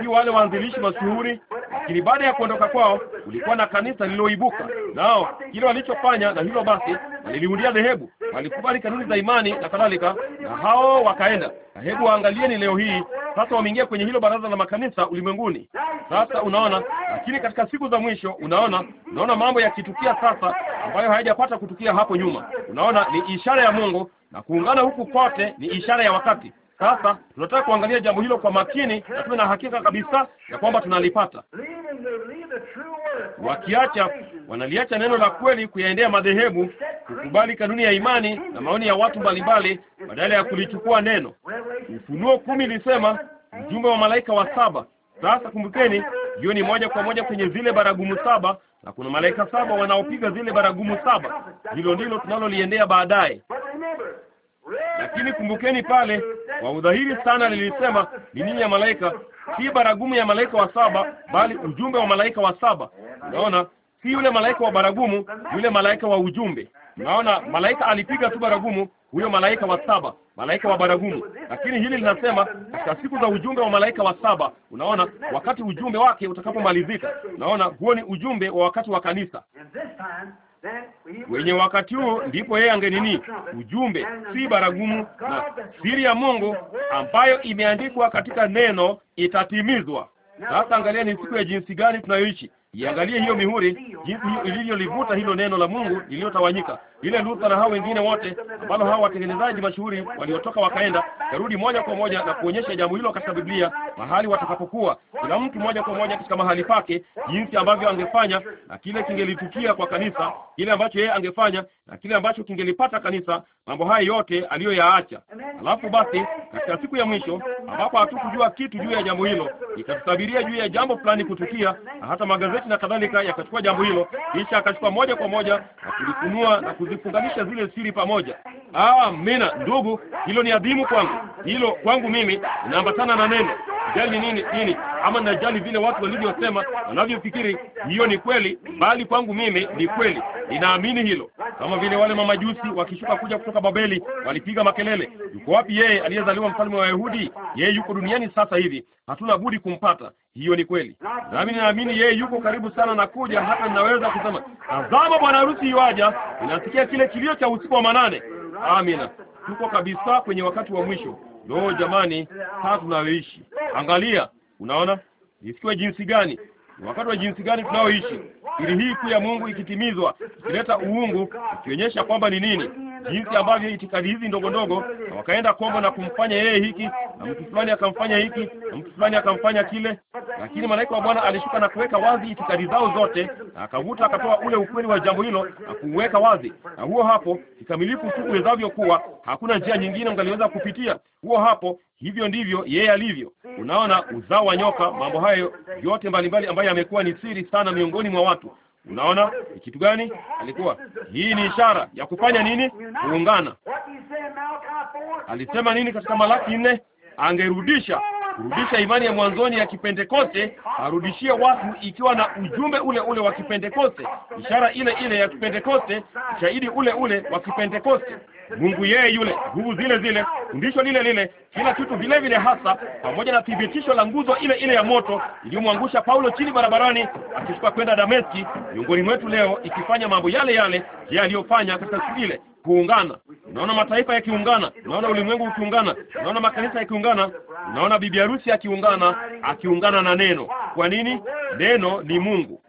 si wale waanzilishi mashuhuri. Lakini baada ya kuondoka kwao, kulikuwa na kanisa lililoibuka, nao kile walichofanya na hilo basi, waliliundia dhehebu, walikubali kanuni za imani na kadhalika, na hao wakaenda na. Hebu waangalieni leo hii sasa, wameingia kwenye hilo baraza la makanisa ulimwenguni. Sasa unaona, lakini katika siku za mwisho, unaona, unaona mambo yakitukia sasa ambayo hayajapata kutukia hapo nyuma. Unaona, ni ishara ya Mungu na kuungana huku kote ni ishara ya wakati. Sasa tunataka kuangalia jambo hilo kwa makini na tuwe na hakika kabisa ya kwamba tunalipata. Wakiacha, wanaliacha neno la kweli kuyaendea madhehebu, kukubali kanuni ya imani na maoni ya watu mbalimbali badala ya kulichukua neno. Ufunuo kumi ilisema mjumbe wa malaika wa saba. Sasa kumbukeni, hiyo ni moja kwa moja kwenye zile baragumu saba na kuna malaika saba wanaopiga zile baragumu saba. Hilo ndilo tunaloliendea baadaye. Lakini kumbukeni pale kwa udhahiri sana nilisema ni nini ya malaika, si baragumu ya malaika wa saba, bali ujumbe wa malaika wa saba. Unaona, si yule malaika wa baragumu, yule malaika wa ujumbe. Unaona, malaika alipiga tu baragumu, huyo malaika wa saba, malaika wa baragumu. Lakini hili linasema katika siku za ujumbe wa malaika wa saba. Unaona, wakati ujumbe wake utakapomalizika. Unaona, huo ni ujumbe wa wakati wa kanisa wenye wakati huo, ndipo yeye angenini ujumbe, si baragumu, na siri ya Mungu ambayo imeandikwa katika neno itatimizwa. Sasa angalia ni siku ya jinsi gani tunayoishi. Iangalie hiyo mihuri, jinsi hiyo ilivyolivuta hilo neno la Mungu lililotawanyika lile Luther na hao wengine wote, ambalo hao watengenezaji mashuhuri waliotoka wakaenda, yarudi moja kwa moja na kuonyesha jambo hilo katika Biblia, mahali watakapokuwa, kila mtu moja kwa moja katika mahali pake, jinsi ambavyo angefanya na kile kingelitukia kwa kanisa, kile ambacho yeye angefanya na kile ambacho kingelipata kanisa, mambo haya yote aliyoyaacha. Alafu basi katika siku ya mwisho ambapo hatukujua kitu juu ya jambo hilo, ikatusabiria juu ya jambo fulani kutukia, na hata magazeti na kadhalika yakachukua jambo hilo, kisha akachukua moja kwa moja na kulifunua na kuzifunganisha zile siri pamoja. Amina ndugu, hilo ni adhimu kwangu, hilo kwangu mimi inaambatana na neno jali nini nini, ama najali vile watu walivyosema wanavyofikiri. Hiyo ni kweli, bali kwangu mimi ni kweli, ninaamini hilo, kama vile wale mamajusi wakishuka kuja kutoka Babeli walipiga makelele, yuko wapi yeye aliyezaliwa mfalme wa Yahudi? Yeye yuko duniani sasa hivi, hatuna budi kumpata. Hiyo ni kweli, nami ninaamini yeye yuko karibu sana na kuja. Hata ninaweza kusema tazama, bwana harusi iwaja, inasikia kile kilio cha usiku wa manane. Amina, tuko kabisa kwenye wakati wa mwisho. Ndio jamani, saa tunayoishi! Angalia, unaona isikiwe jinsi gani ni wakati wa jinsi gani tunaoishi, ili hii kuu ya Mungu ikitimizwa, ikileta uungu, ikionyesha kwamba ni nini, jinsi ambavyo itikadi hizi ndogo ndogo, na wakaenda kombo na kumfanya yeye hiki na mtu fulani akamfanya hiki na mtu fulani akamfanya kile, lakini malaika wa Bwana alishuka na kuweka wazi itikadi zao zote, na akavuta akatoa ule ukweli wa jambo hilo na kuuweka wazi, na huo hapo kikamilifu tu uwezavyo kuwa, hakuna njia nyingine ungaliweza kupitia. Huo hapo Hivyo ndivyo yeye alivyo. Unaona uzao wa nyoka, mambo hayo yote mbalimbali ambayo yamekuwa ni siri sana miongoni mwa watu. Unaona ni kitu gani alikuwa? Hii ni ishara ya kufanya nini? Kuungana. Alisema nini katika Malaki nne? Angerudisha, kurudisha imani ya mwanzoni ya Kipentekoste, arudishie watu ikiwa na ujumbe ule ule wa Kipentekoste, ishara ile ile ya Kipentekoste, ushahidi ule ule wa Kipentekoste. Mungu yeye yule, nguvu zile zile, fundisho lile lile, kila kitu vile vile hasa, pamoja na thibitisho la nguzo ile ile ya moto iliyomwangusha Paulo chini barabarani akishuka kwenda Dameski, miongoni mwetu leo ikifanya mambo yale yale je aliyofanya katika siku ile kuungana. Unaona mataifa yakiungana, unaona ulimwengu ukiungana, unaona makanisa yakiungana, unaona bibi harusi akiungana, akiungana na neno. Kwa nini? Neno ni Mungu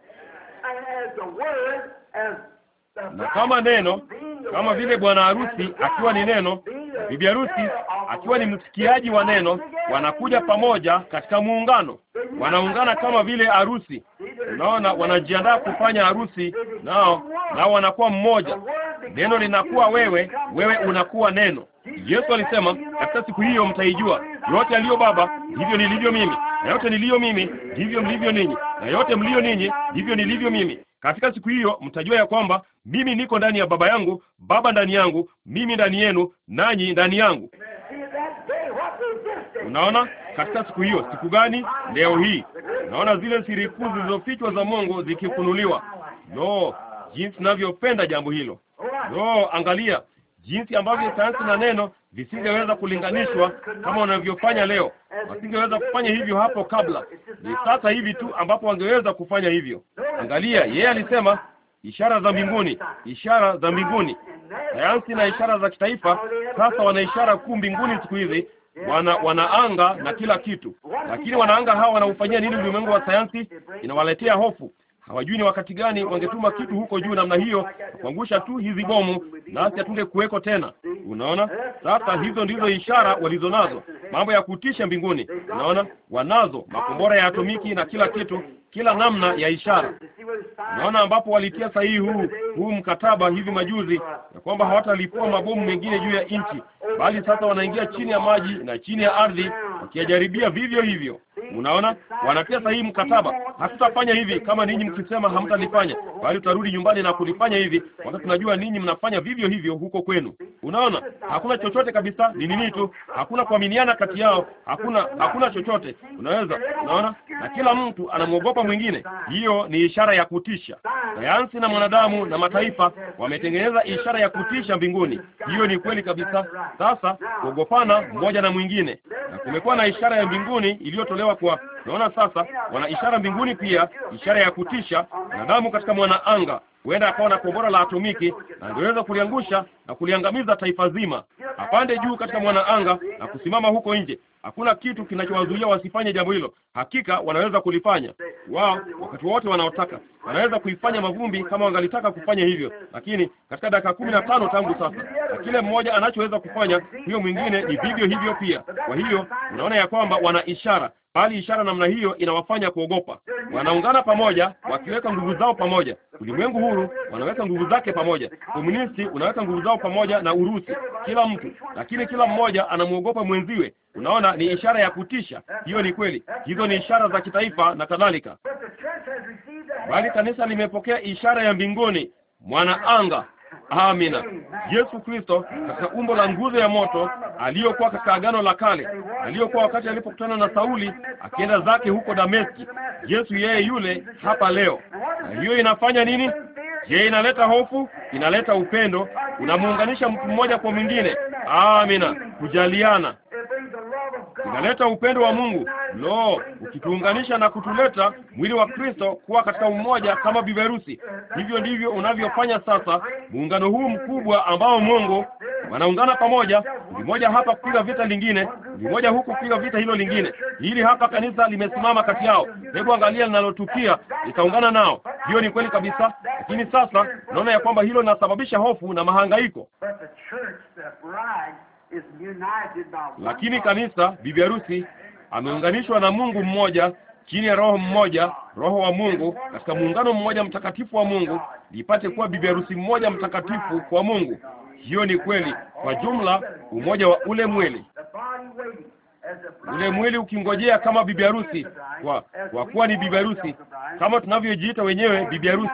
na kama neno, kama vile bwana harusi akiwa ni neno, bibi harusi akiwa ni msikiaji wa neno, wanakuja pamoja katika muungano, wanaungana kama vile harusi. Unaona, wanajiandaa kufanya harusi, nao nao wanakuwa mmoja, neno linakuwa wewe, wewe unakuwa neno. Yesu alisema katika siku hiyo mtaijua yote aliyo Baba ndivyo nilivyo mimi, na yote niliyo mimi ndivyo mlivyo ninyi, na yote mlio ninyi ndivyo nilivyo mimi. Katika siku hiyo mtajua ya kwamba mimi niko ndani ya Baba yangu, Baba ndani yangu, mimi ndani yenu, nanyi ndani yangu. Unaona, katika siku hiyo. Siku gani? Leo hii. Unaona zile siri kuu zilizofichwa za Mungu zikifunuliwa. Lo, jinsi ninavyopenda jambo hilo! No, angalia jinsi ambavyo sayansi na neno visingeweza kulinganishwa kama wanavyofanya leo. Wasingeweza kufanya hivyo hapo kabla, ni sasa hivi tu ambapo wangeweza kufanya hivyo. Angalia, yeye alisema ishara za mbinguni, ishara za mbinguni. Sayansi na ishara za kitaifa sasa wana ishara kuu mbinguni siku hizi wana wanaanga na kila kitu, lakini wanaanga hawa wanaufanyia nini ulimwengu wa sayansi? Inawaletea hofu hawajui ni wakati gani wangetuma kitu huko juu namna hiyo na kuangusha tu hizi bomu, nasi hatunge kuweko tena. Unaona, sasa hizo ndizo ishara walizonazo, mambo ya kutisha mbinguni. Unaona, wanazo makombora ya atomiki na kila kitu, kila namna ya ishara. Unaona, ambapo walitia sahihi huu huu mkataba hivi majuzi, ya kwamba hawatalipua mabomu mengine juu ya nchi, bali sasa wanaingia chini ya maji na chini ya ardhi, wakijaribia vivyo hivyo unaona wanatia sahihi mkataba, hatutafanya hivi kama ninyi mkisema hamtalifanya, bali utarudi nyumbani na kulifanya hivi, wakati tunajua ninyi mnafanya vivyo hivyo huko kwenu. Unaona, hakuna chochote kabisa, ni nini tu, hakuna kuaminiana kati yao, hakuna hakuna chochote. Unaweza, unaona, na kila mtu anamwogopa mwingine. Hiyo ni ishara ya kutisha. Sayansi na mwanadamu na mataifa wametengeneza ishara ya kutisha mbinguni. Hiyo ni kweli kabisa. Sasa kuogopana mmoja na mwingine, na kumekuwa na ishara ya mbinguni iliyotolewa kwa naona sasa wana ishara mbinguni pia, ishara ya kutisha. Wanadamu katika mwana anga huenda akawa na kombora la atomiki na angeweza kuliangusha na kuliangamiza taifa zima. Apande juu katika mwana anga na kusimama huko nje, hakuna kitu kinachowazuia wasifanye jambo hilo. Hakika wanaweza kulifanya wao wakati wote wanaotaka, wanaweza kuifanya mavumbi kama wangalitaka kufanya hivyo, lakini katika dakika kumi na tano tangu sasa, na kile mmoja anachoweza kufanya huyo mwingine ni vivyo hivyo pia. Kwa hiyo unaona ya kwamba wana ishara bali ishara namna hiyo inawafanya kuogopa. Wanaungana pamoja, wakiweka nguvu zao pamoja. Ulimwengu huru wanaweka nguvu zake pamoja, komunisti unaweka nguvu zao pamoja na Urusi, kila mtu, lakini kila mmoja anamwogopa mwenziwe. Unaona, ni ishara ya kutisha. Hiyo ni kweli, hizo ni ishara za kitaifa na kadhalika, bali kanisa limepokea ishara ya mbinguni, mwana anga Amina. Yesu Kristo katika umbo la nguzo ya moto aliyokuwa katika Agano la Kale, aliyokuwa wakati alipokutana na Sauli akienda zake huko Dameski. Yesu yeye yule hapa leo, na hiyo inafanya nini? Je, inaleta hofu? Inaleta upendo, unamuunganisha mtu mmoja kwa mwingine. Amina, kujaliana inaleta upendo wa Mungu. Lo, ukituunganisha na kutuleta mwili wa Kristo kuwa katika umoja kama biverusi hivyo ndivyo unavyofanya sasa, muungano huu mkubwa ambao Mungu wanaungana pamoja, kundi hapa kupiga vita lingine, kundi huku kupiga vita hilo lingine. Hili hapa kanisa limesimama kati yao. Hebu angalia linalotukia, litaungana nao. Hiyo ni kweli kabisa, lakini sasa naona ya kwamba hilo linasababisha hofu na mahangaiko, lakini kanisa, bibi harusi, ameunganishwa na Mungu mmoja chini ya roho mmoja, roho wa Mungu katika muungano mmoja mtakatifu wa Mungu, lipate kuwa bibi harusi mmoja mtakatifu kwa Mungu. Hiyo ni kweli. Kwa jumla, umoja wa ule mwili ule mwili ukingojea kama bibi harusi, kwa, kwa kuwa ni bibi harusi kama tunavyojiita wenyewe bibi harusi.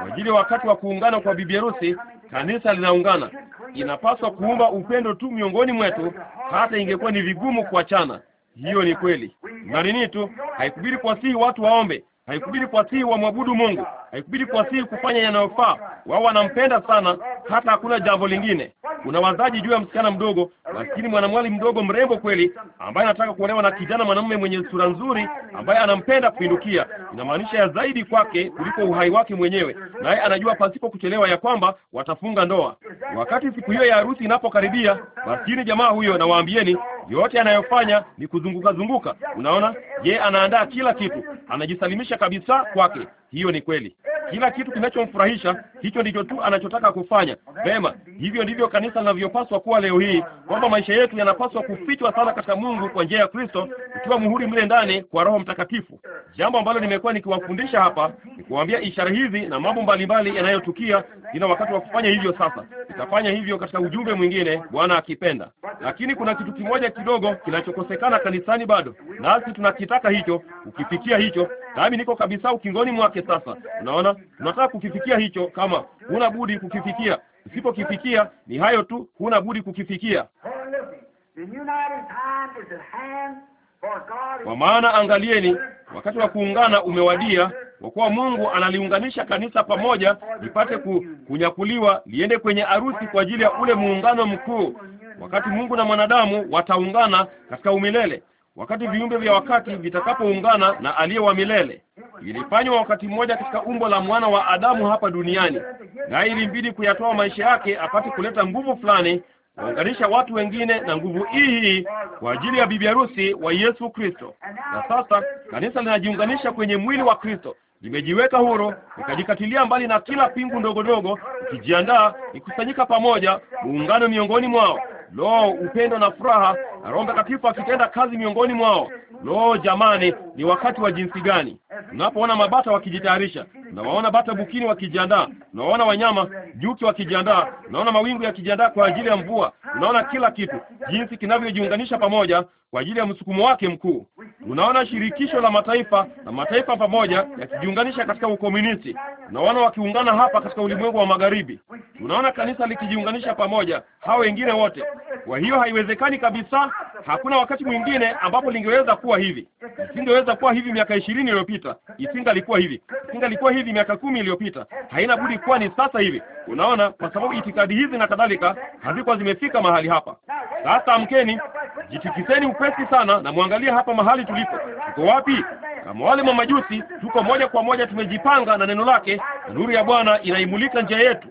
Kwa ajili ya wakati wa kuungana kwa bibi harusi, kanisa linaungana. Inapaswa kuumba upendo tu miongoni mwetu, hata ingekuwa ni vigumu kuachana. Hiyo ni kweli na nini tu haikubidi kuwasihi watu waombe, haikubidi kuwasihi wamwabudu Mungu, haikubidi kuwasihi kufanya yanayofaa. Wao wanampenda sana, hata hakuna jambo lingine. Kuna wazaji juu ya msichana mdogo lakini mwanamwali mdogo mrembo kweli, ambaye anataka kuolewa na kijana mwanamume mwenye sura nzuri, ambaye anampenda kupindukia. Inamaanisha ya zaidi kwake kuliko uhai wake mwenyewe, naye anajua pasipo kuchelewa ya kwamba watafunga ndoa. Wakati siku hiyo ya harusi inapokaribia, maskini jamaa huyo, nawaambieni yote anayofanya ni kuzunguka zunguka. Unaona, ye anaandaa kila kitu, anajisalimisha kabisa kwake. Hiyo ni kweli. Kila kitu kinachomfurahisha hicho ndicho tu anachotaka kufanya. Vema, hivyo ndivyo kanisa linavyopaswa kuwa leo hii, kwamba maisha yetu yanapaswa kufichwa sana katika Mungu kwa njia ya Kristo, ikiwa muhuri mle ndani kwa Roho Mtakatifu. Jambo ambalo nimekuwa nikiwafundisha hapa ni kuwaambia ishara hizi na mambo mbalimbali yanayotukia. Ina wakati wa kufanya hivyo sasa. Nitafanya hivyo katika ujumbe mwingine, Bwana akipenda. Lakini kuna kitu kimoja kidogo kinachokosekana kanisani bado, nasi tunakitaka hicho. Ukifikia hicho nami niko kabisa ukingoni mwake. Sasa unaona, unataka kukifikia hicho, kama huna budi kukifikia. Usipokifikia ni hayo tu, huna budi kukifikia. Kwa maana angalieni, wakati wa kuungana umewadia, kwa kuwa Mungu analiunganisha kanisa pamoja, lipate ku, kunyakuliwa liende kwenye arusi kwa ajili ya ule muungano mkuu, wakati Mungu na mwanadamu wataungana katika umilele wakati viumbe vya wakati vitakapoungana na aliye wa milele. Ilifanywa wakati mmoja katika umbo la mwana wa Adamu hapa duniani, naye ilimbidi kuyatoa maisha yake apate kuleta nguvu fulani kuunganisha watu wengine na nguvu hii hii kwa ajili ya bibi harusi wa Yesu Kristo. Na sasa kanisa linajiunganisha kwenye mwili wa Kristo, limejiweka huru, likajikatilia mbali na kila pingu ndogo ndogo, ikijiandaa ikusanyika pamoja, muungano miongoni mwao Lo, upendo na furaha na Roho Mtakatifu akitenda kazi miongoni mwao. Lo, jamani, ni wakati wa jinsi gani! Unapoona mabata wakijitayarisha, unawaona bata bukini wakijiandaa, unawaona wanyama nyuki wakijiandaa, unaona mawingu yakijiandaa kwa ajili ya mvua, tunaona kila kitu jinsi kinavyojiunganisha pamoja kwa ajili ya msukumo wake mkuu. Unaona shirikisho la mataifa na mataifa pamoja yakijiunganisha katika ukomunisti, unawaona wakiungana hapa katika ulimwengu wa magharibi. Unaona kanisa likijiunganisha pamoja, hao wengine wote. Kwa hiyo haiwezekani kabisa, hakuna wakati mwingine ambapo lingeweza kuwa hivi. Isingeweza kuwa hivi miaka ishirini iliyopita, isingalikuwa hivi, isingalikuwa hivi miaka kumi iliyopita, haina budi kuwa ni sasa hivi. Unaona, kwa sababu itikadi hizi na kadhalika hazikuwa zimefika mahali hapa. Sasa amkeni, jitikiseni upesi sana na mwangalie hapa mahali tulipo. Tuko wapi? Kama wale mamajusi, tuko moja kwa moja tumejipanga na neno lake, na nuru ya Bwana inaimulika njia yetu.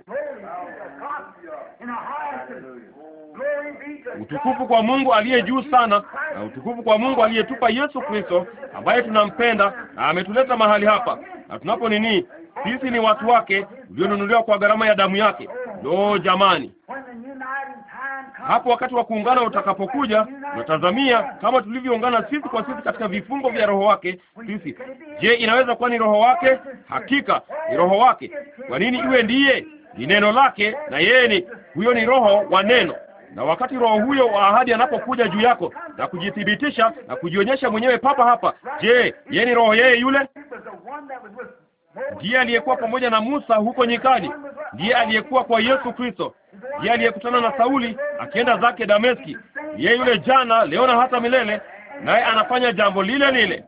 Utukufu kwa Mungu aliye juu sana, na utukufu kwa Mungu aliyetupa Yesu Kristo, ambaye tunampenda na ametuleta mahali hapa, na tunapo nini, sisi ni watu wake ulionunuliwa kwa gharama ya damu yake. Lo, jamani! Hapo wakati wa kuungana utakapokuja, tunatazamia kama tulivyoungana sisi kwa sisi katika vifungo vya roho wake sisi. Je, inaweza kuwa ni roho wake? Hakika ni roho wake. Kwa nini iwe ndiye ni neno lake, na yeye ni huyo, ni roho wa neno. Na wakati roho huyo wa ahadi anapokuja juu yako na kujithibitisha na kujionyesha mwenyewe papa hapa, je, yeye ni roho yeye yule? Ndiye aliyekuwa pamoja na Musa huko nyikani, ndiye aliyekuwa kwa Yesu Kristo, ndiye aliyekutana na Sauli akienda zake Dameski, yeye yule jana, leo na hata milele, naye anafanya jambo lile lile.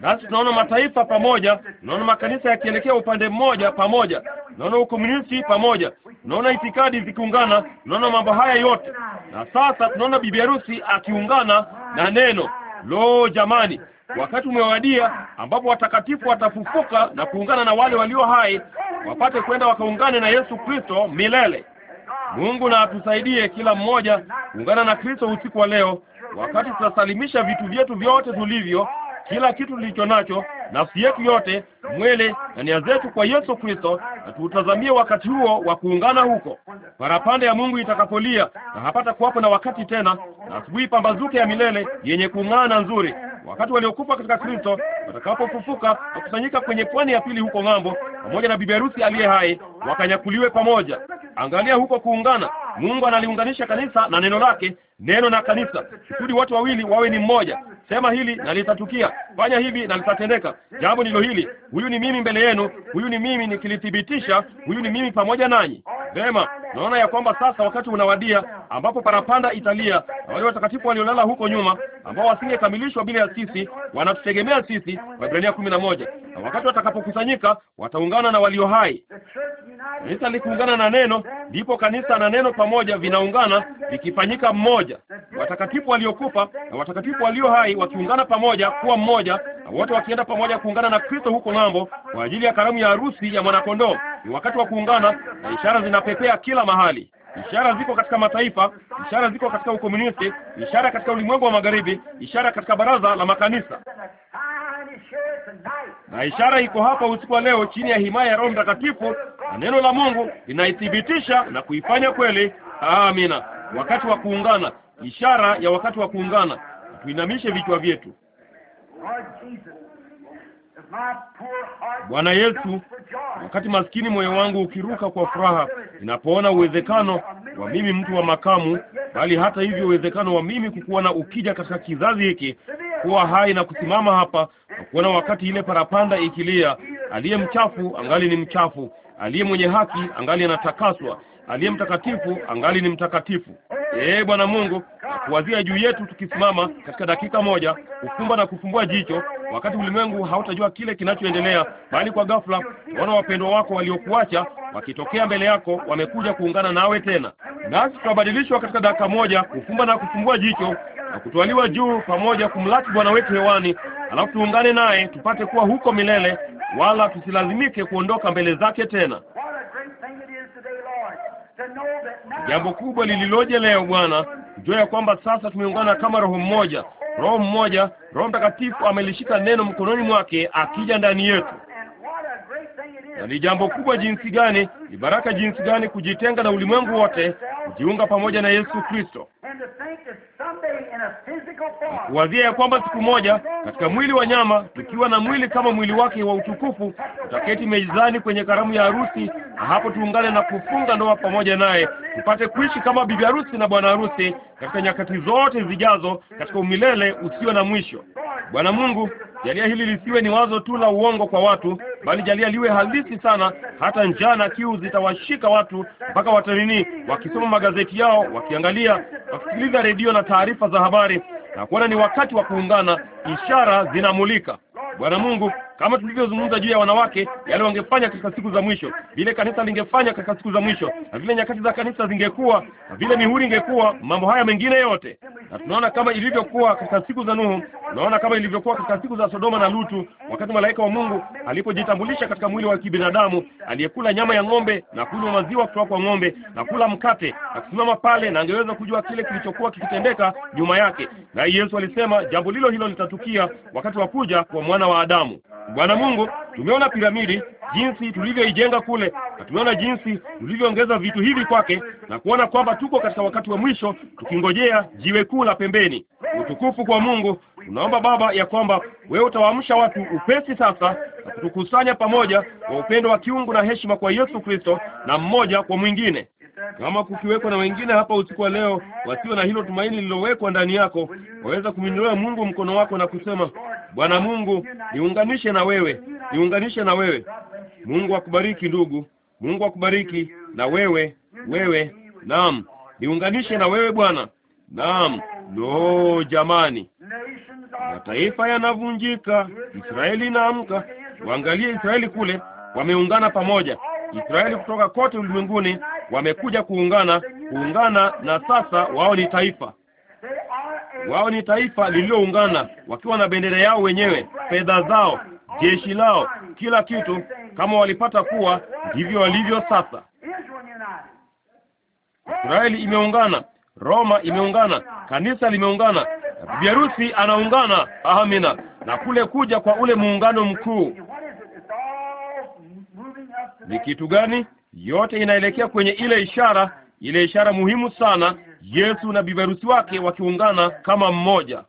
Basi tunaona mataifa pamoja, tunaona makanisa yakielekea upande mmoja pamoja, tunaona ukomunisti pamoja, tunaona itikadi zikiungana, tunaona mambo haya yote, na sasa tunaona bibi harusi akiungana na neno. Lo, jamani, wakati umewadia ambapo watakatifu watafufuka na kuungana na wale walio hai, wapate kwenda wakaungane na Yesu Kristo milele. Mungu na atusaidie kila mmoja kuungana na Kristo usiku wa leo, wakati tutasalimisha vitu vyetu vyote tulivyo kila kitu tulicho nacho, nafsi yetu yote, mwele na nia zetu kwa Yesu Kristo, na tuutazamie wakati huo wa kuungana huko, parapanda ya Mungu itakapolia na hapata kuwapo na wakati tena, na asubuhi pambazuke ya milele yenye kung'aa na nzuri, wakati waliokufa katika Kristo watakapofufuka na kusanyika kwenye pwani ya pili huko ng'ambo, pamoja na bibi harusi aliye hai, wakanyakuliwe pamoja. Angalia huko kuungana. Mungu analiunganisha kanisa na neno lake neno na kanisa, kusudi watu wawili wawe ni mmoja. Sema hili na litatukia, fanya hivi na litatendeka. Jambo nilo hili, huyu ni mimi mbele yenu, huyu ni mimi nikilithibitisha, huyu ni mimi pamoja nanyi. Vema, naona ya kwamba sasa wakati unawadia ambapo parapanda italia, na wale watakatifu waliolala huko nyuma ambao wasingekamilishwa bila ya sisi, wanatutegemea sisi, Waebrania kumi na moja. Na wakati watakapokusanyika wataungana na walio hai. Kanisa likiungana na neno, ndipo kanisa na neno pamoja vinaungana vikifanyika mmoja. Watakatifu waliokufa na watakatifu walio hai wakiungana pamoja kuwa mmoja, na wote wakienda pamoja kuungana na Kristo huko ng'ambo kwa ajili ya karamu ya harusi ya mwanakondoo. Ni wakati wa kuungana, na ishara zinapepea kila mahali. Ishara ziko katika mataifa, ishara ziko katika ukomunisti, ishara katika ulimwengu wa magharibi, ishara katika baraza la makanisa na ishara iko hapa usiku wa leo chini ya himaya ya Roho Mtakatifu, na neno la Mungu linaithibitisha na kuifanya kweli. Amina. Wakati wa kuungana, ishara ya wakati wa kuungana. Tuinamishe vichwa vyetu. Bwana Yesu, wakati maskini moyo wangu ukiruka kwa furaha ninapoona uwezekano wa mimi mtu wa makamu, bali hata hivyo uwezekano wa mimi kukuwa na ukija katika kizazi hiki kuwa hai na kusimama hapa na kuona wakati ile parapanda ikilia, aliye mchafu angali ni mchafu, aliye mwenye haki angali anatakaswa, aliye mtakatifu angali ni mtakatifu. Ee Bwana Mungu, kuwazia juu yetu tukisimama katika dakika moja, kufumba na kufumbua jicho, wakati ulimwengu hautajua kile kinachoendelea, bali kwa ghafla wana wapendwa wako waliokuacha wakitokea mbele yako, wamekuja kuungana nawe tena, nasi tutabadilishwa katika dakika moja, kufumba na kufumbua jicho na kutwaliwa juu pamoja kumlaki Bwana wetu hewani, alafu tuungane naye tupate kuwa huko milele, wala tusilazimike kuondoka mbele zake tena. Jambo kubwa lililoje leo Bwana, jua ya kwamba sasa tumeungana kama roho mmoja, roho mmoja. Roho Mtakatifu amelishika neno mkononi mwake, akija ndani yetu na ni jambo kubwa jinsi gani, ni baraka jinsi gani kujitenga na ulimwengu wote, kujiunga pamoja na Yesu Kristo, kuwazia ya kwamba siku moja katika mwili wa nyama, tukiwa na mwili kama mwili wake wa utukufu, tutaketi mezani kwenye karamu ya harusi, na hapo tuungane na kufunga ndoa pamoja naye, tupate kuishi kama bibi harusi na bwana harusi katika nyakati zote zijazo, katika umilele usio na mwisho. Bwana Mungu, Jalia hili lisiwe ni wazo tu la uongo kwa watu, bali jalia liwe halisi sana, hata njaa na kiu zitawashika watu mpaka watanini, wakisoma magazeti yao, wakiangalia, wakisikiliza redio na taarifa za habari, na kuona ni wakati wa kuungana. Ishara zinamulika. Bwana Mungu, kama tulivyozungumza juu ya wanawake, yale wangefanya katika siku za mwisho, vile kanisa lingefanya katika siku za mwisho, na vile nyakati za kanisa zingekuwa, na vile mihuri ingekuwa, mambo haya mengine yote. Na tunaona kama ilivyokuwa katika siku za Nuhu, tunaona kama ilivyokuwa katika siku za Sodoma na Lutu, wakati malaika wa Mungu alipojitambulisha katika mwili wa kibinadamu aliyekula nyama ya ng'ombe na kunywa maziwa kutoka kwa ng'ombe na kula mkate na kusimama pale, na angeweza kujua kile kilichokuwa kikitendeka nyuma yake, na Yesu alisema jambo lilo hilo litatukia wakati wa kuja kwa mwana wa Adamu. Bwana Mungu, tumeona piramidi jinsi tulivyoijenga kule, na tumeona jinsi tulivyoongeza vitu hivi kwake, na kuona kwamba tuko katika wakati wa mwisho, tukingojea jiwe kuu la pembeni. Utukufu kwa Mungu. Tunaomba Baba ya kwamba wewe utawaamsha watu upesi sasa na kutukusanya pamoja kwa upendo wa kiungu na heshima kwa Yesu Kristo, na mmoja kwa mwingine. Kama kukiwekwa na wengine hapa usiku wa leo wasio na hilo tumaini lililowekwa ndani yako, waweza kumwinulia Mungu mkono wako na kusema, Bwana Mungu, niunganishe na wewe, niunganishe na wewe. Mungu akubariki ndugu, Mungu akubariki na wewe, wewe. Naam, niunganishe na wewe Bwana. Naam. Lo, jamani, mataifa yanavunjika, Israeli inaamka. Waangalie Israeli kule, wameungana pamoja Israeli kutoka kote ulimwenguni wamekuja kuungana, kuungana na sasa wao ni taifa wao ni taifa lililoungana wakiwa na bendera yao wenyewe, fedha zao, jeshi lao, kila kitu. Kama walipata kuwa ndivyo walivyo sasa. Israeli imeungana, Roma imeungana, kanisa limeungana, bibi harusi anaungana. Amina. Na kule kuja kwa ule muungano mkuu, ni kitu gani? Yote inaelekea kwenye ile ishara, ile ishara muhimu sana, Yesu na biberusi wake wakiungana kama mmoja.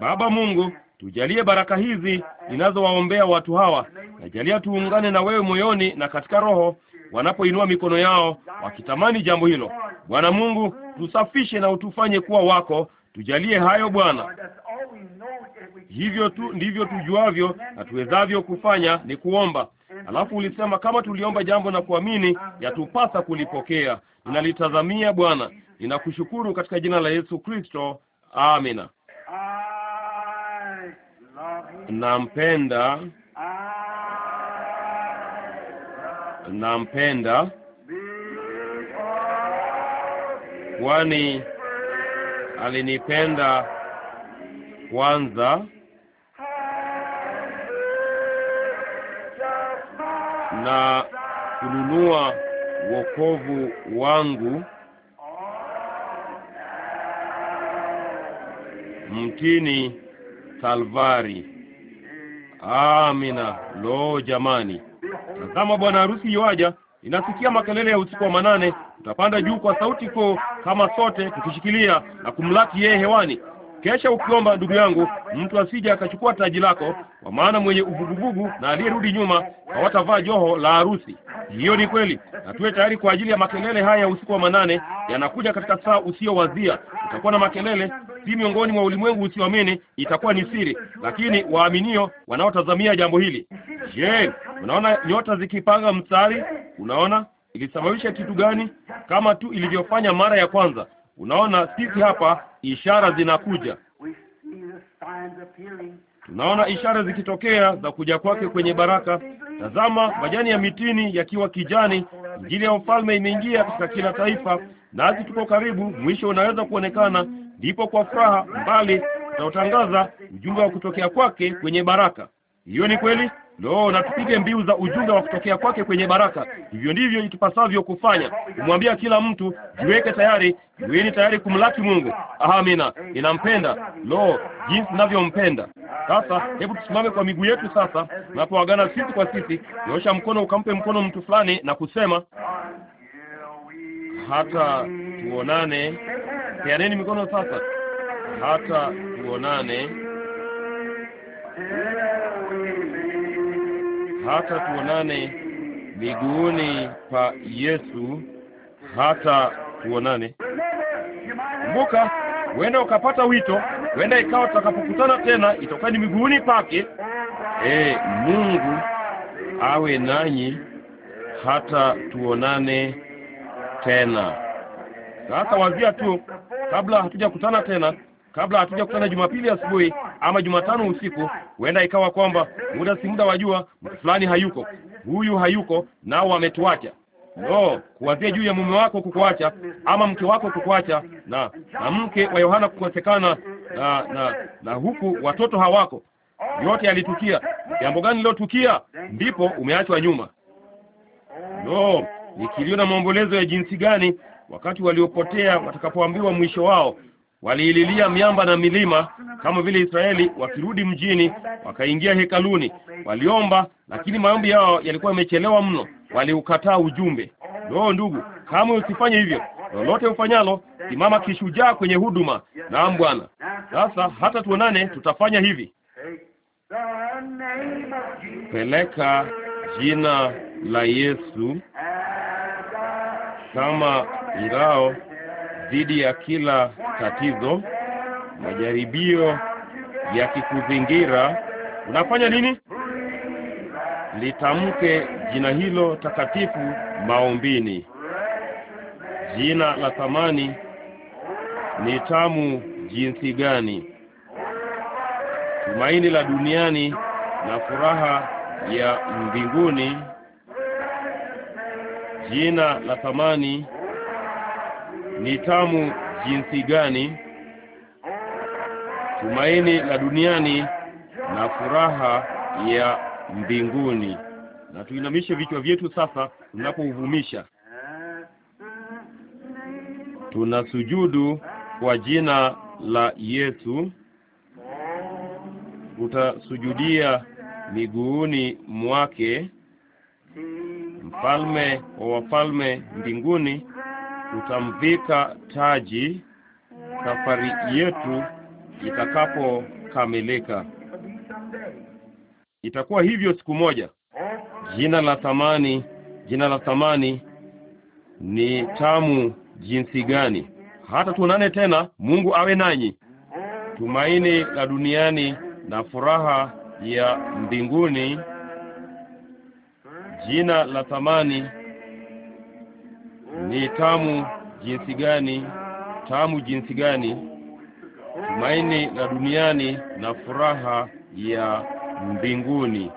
Baba Mungu, tujalie baraka hizi ninazowaombea watu hawa, najalia tuungane na wewe moyoni na katika roho wanapoinua mikono yao wakitamani jambo hilo. Bwana Mungu, tusafishe na utufanye kuwa wako. Tujalie hayo Bwana. Hivyo tu ndivyo tujuavyo na tuwezavyo kufanya ni kuomba. Alafu ulisema kama tuliomba jambo na kuamini, yatupasa kulipokea. Ninalitazamia Bwana, ninakushukuru katika jina la Yesu Kristo, amina. Nampenda, nampenda kwani alinipenda kwanza na kununua wokovu wangu mtini Kalvari. Amina. Lo, jamani, tazama bwana harusi yoaja. Inasikia makelele ya usiku wa manane. Tutapanda juu kwa sauti kuu kama sote tukishikilia na kumlaki yeye hewani. Kesha ukiomba, ndugu yangu, mtu asije akachukua taji lako, kwa maana mwenye uvuguvugu na aliyerudi nyuma hawatavaa joho la harusi. Hiyo ni kweli, na tuwe tayari kwa ajili ya makelele haya. Usiku wa manane yanakuja katika saa usiyowazia. Utakuwa na makelele, si miongoni mwa ulimwengu usioamini, itakuwa ni siri, lakini waaminio wanaotazamia jambo hili. Je, unaona nyota zikipanga mstari? Unaona ilisababisha kitu gani? Kama tu ilivyofanya mara ya kwanza Unaona, sisi hapa ishara zinakuja, tunaona ishara zikitokea za kuja kwake kwenye baraka. Tazama majani ya mitini yakiwa kijani, injili ya ufalme imeingia katika kila taifa, nasi tuko karibu, mwisho unaweza kuonekana. Ndipo kwa furaha mbali tutautangaza ujumbe wa kutokea kwake kwenye baraka. Hiyo ni kweli. Lo, na tupige mbiu za ujumbe wa kutokea kwake kwenye baraka. Hivyo ndivyo itupasavyo kufanya, kumwambia kila mtu, jiweke tayari, jiweni tayari kumlaki Mungu. Amina, ninampenda. Lo, jinsi ninavyompenda. Sasa hebu tusimame kwa miguu yetu sasa, tunapoagana sisi kwa sisi. Nyosha mkono ukampe mkono mtu fulani na kusema hata tuonane. Peaneni mikono sasa, hata tuonane. hata tuonane miguuni pa Yesu, hata tuonane. Kumbuka, huenda ukapata wito, huenda ikawa tutakapokutana tena itakuwa ni miguuni pake. E, Mungu awe nanyi, hata tuonane tena. Sasa wazia tu, kabla hatujakutana tena kabla hatuja kutana Jumapili asubuhi ama Jumatano usiku. Huenda ikawa kwamba muda si muda wajua, mtu fulani hayuko, huyu hayuko, nao wametuacha. No, kuwazia juu ya mume wako kukuacha ama mke wako kukuacha, na na mke wa Yohana kukosekana, na na na huku watoto hawako, yote yalitukia. Jambo gani lilotukia? Ndipo umeachwa nyuma. No, ni kilio na maombolezo ya jinsi gani wakati waliopotea watakapoambiwa mwisho wao, Waliililia miamba na milima kama vile Israeli wakirudi mjini, wakaingia hekaluni, waliomba, lakini maombi yao yalikuwa yamechelewa mno. Waliukataa ujumbe. Loo, ndugu, kama usifanye hivyo. Lolote ufanyalo, simama kishujaa kwenye huduma. Naam Bwana. Sasa hata tuonane, tutafanya hivi. Peleka jina la Yesu kama ngao dhidi ya kila tatizo, majaribio ya kikuzingira unafanya nini? Litamke jina hilo takatifu maombini. Jina la thamani ni tamu jinsi gani! Tumaini la duniani na furaha ya mbinguni. Jina la thamani ni tamu jinsi gani, tumaini la duniani na furaha ya mbinguni. Na tuinamishe vichwa vyetu sasa, tunapouvumisha tunasujudu kwa jina la Yesu, Utasujudia miguuni mwake, mfalme wa wafalme mbinguni tutamvika taji safari yetu itakapokamilika. Itakuwa hivyo siku moja. Jina la thamani, jina la thamani ni tamu jinsi gani! Hata tuonane tena. Mungu awe nanyi. Tumaini la duniani na furaha ya mbinguni, jina la thamani ni tamu jinsi gani, tamu jinsi gani, tumaini la duniani na furaha ya mbinguni.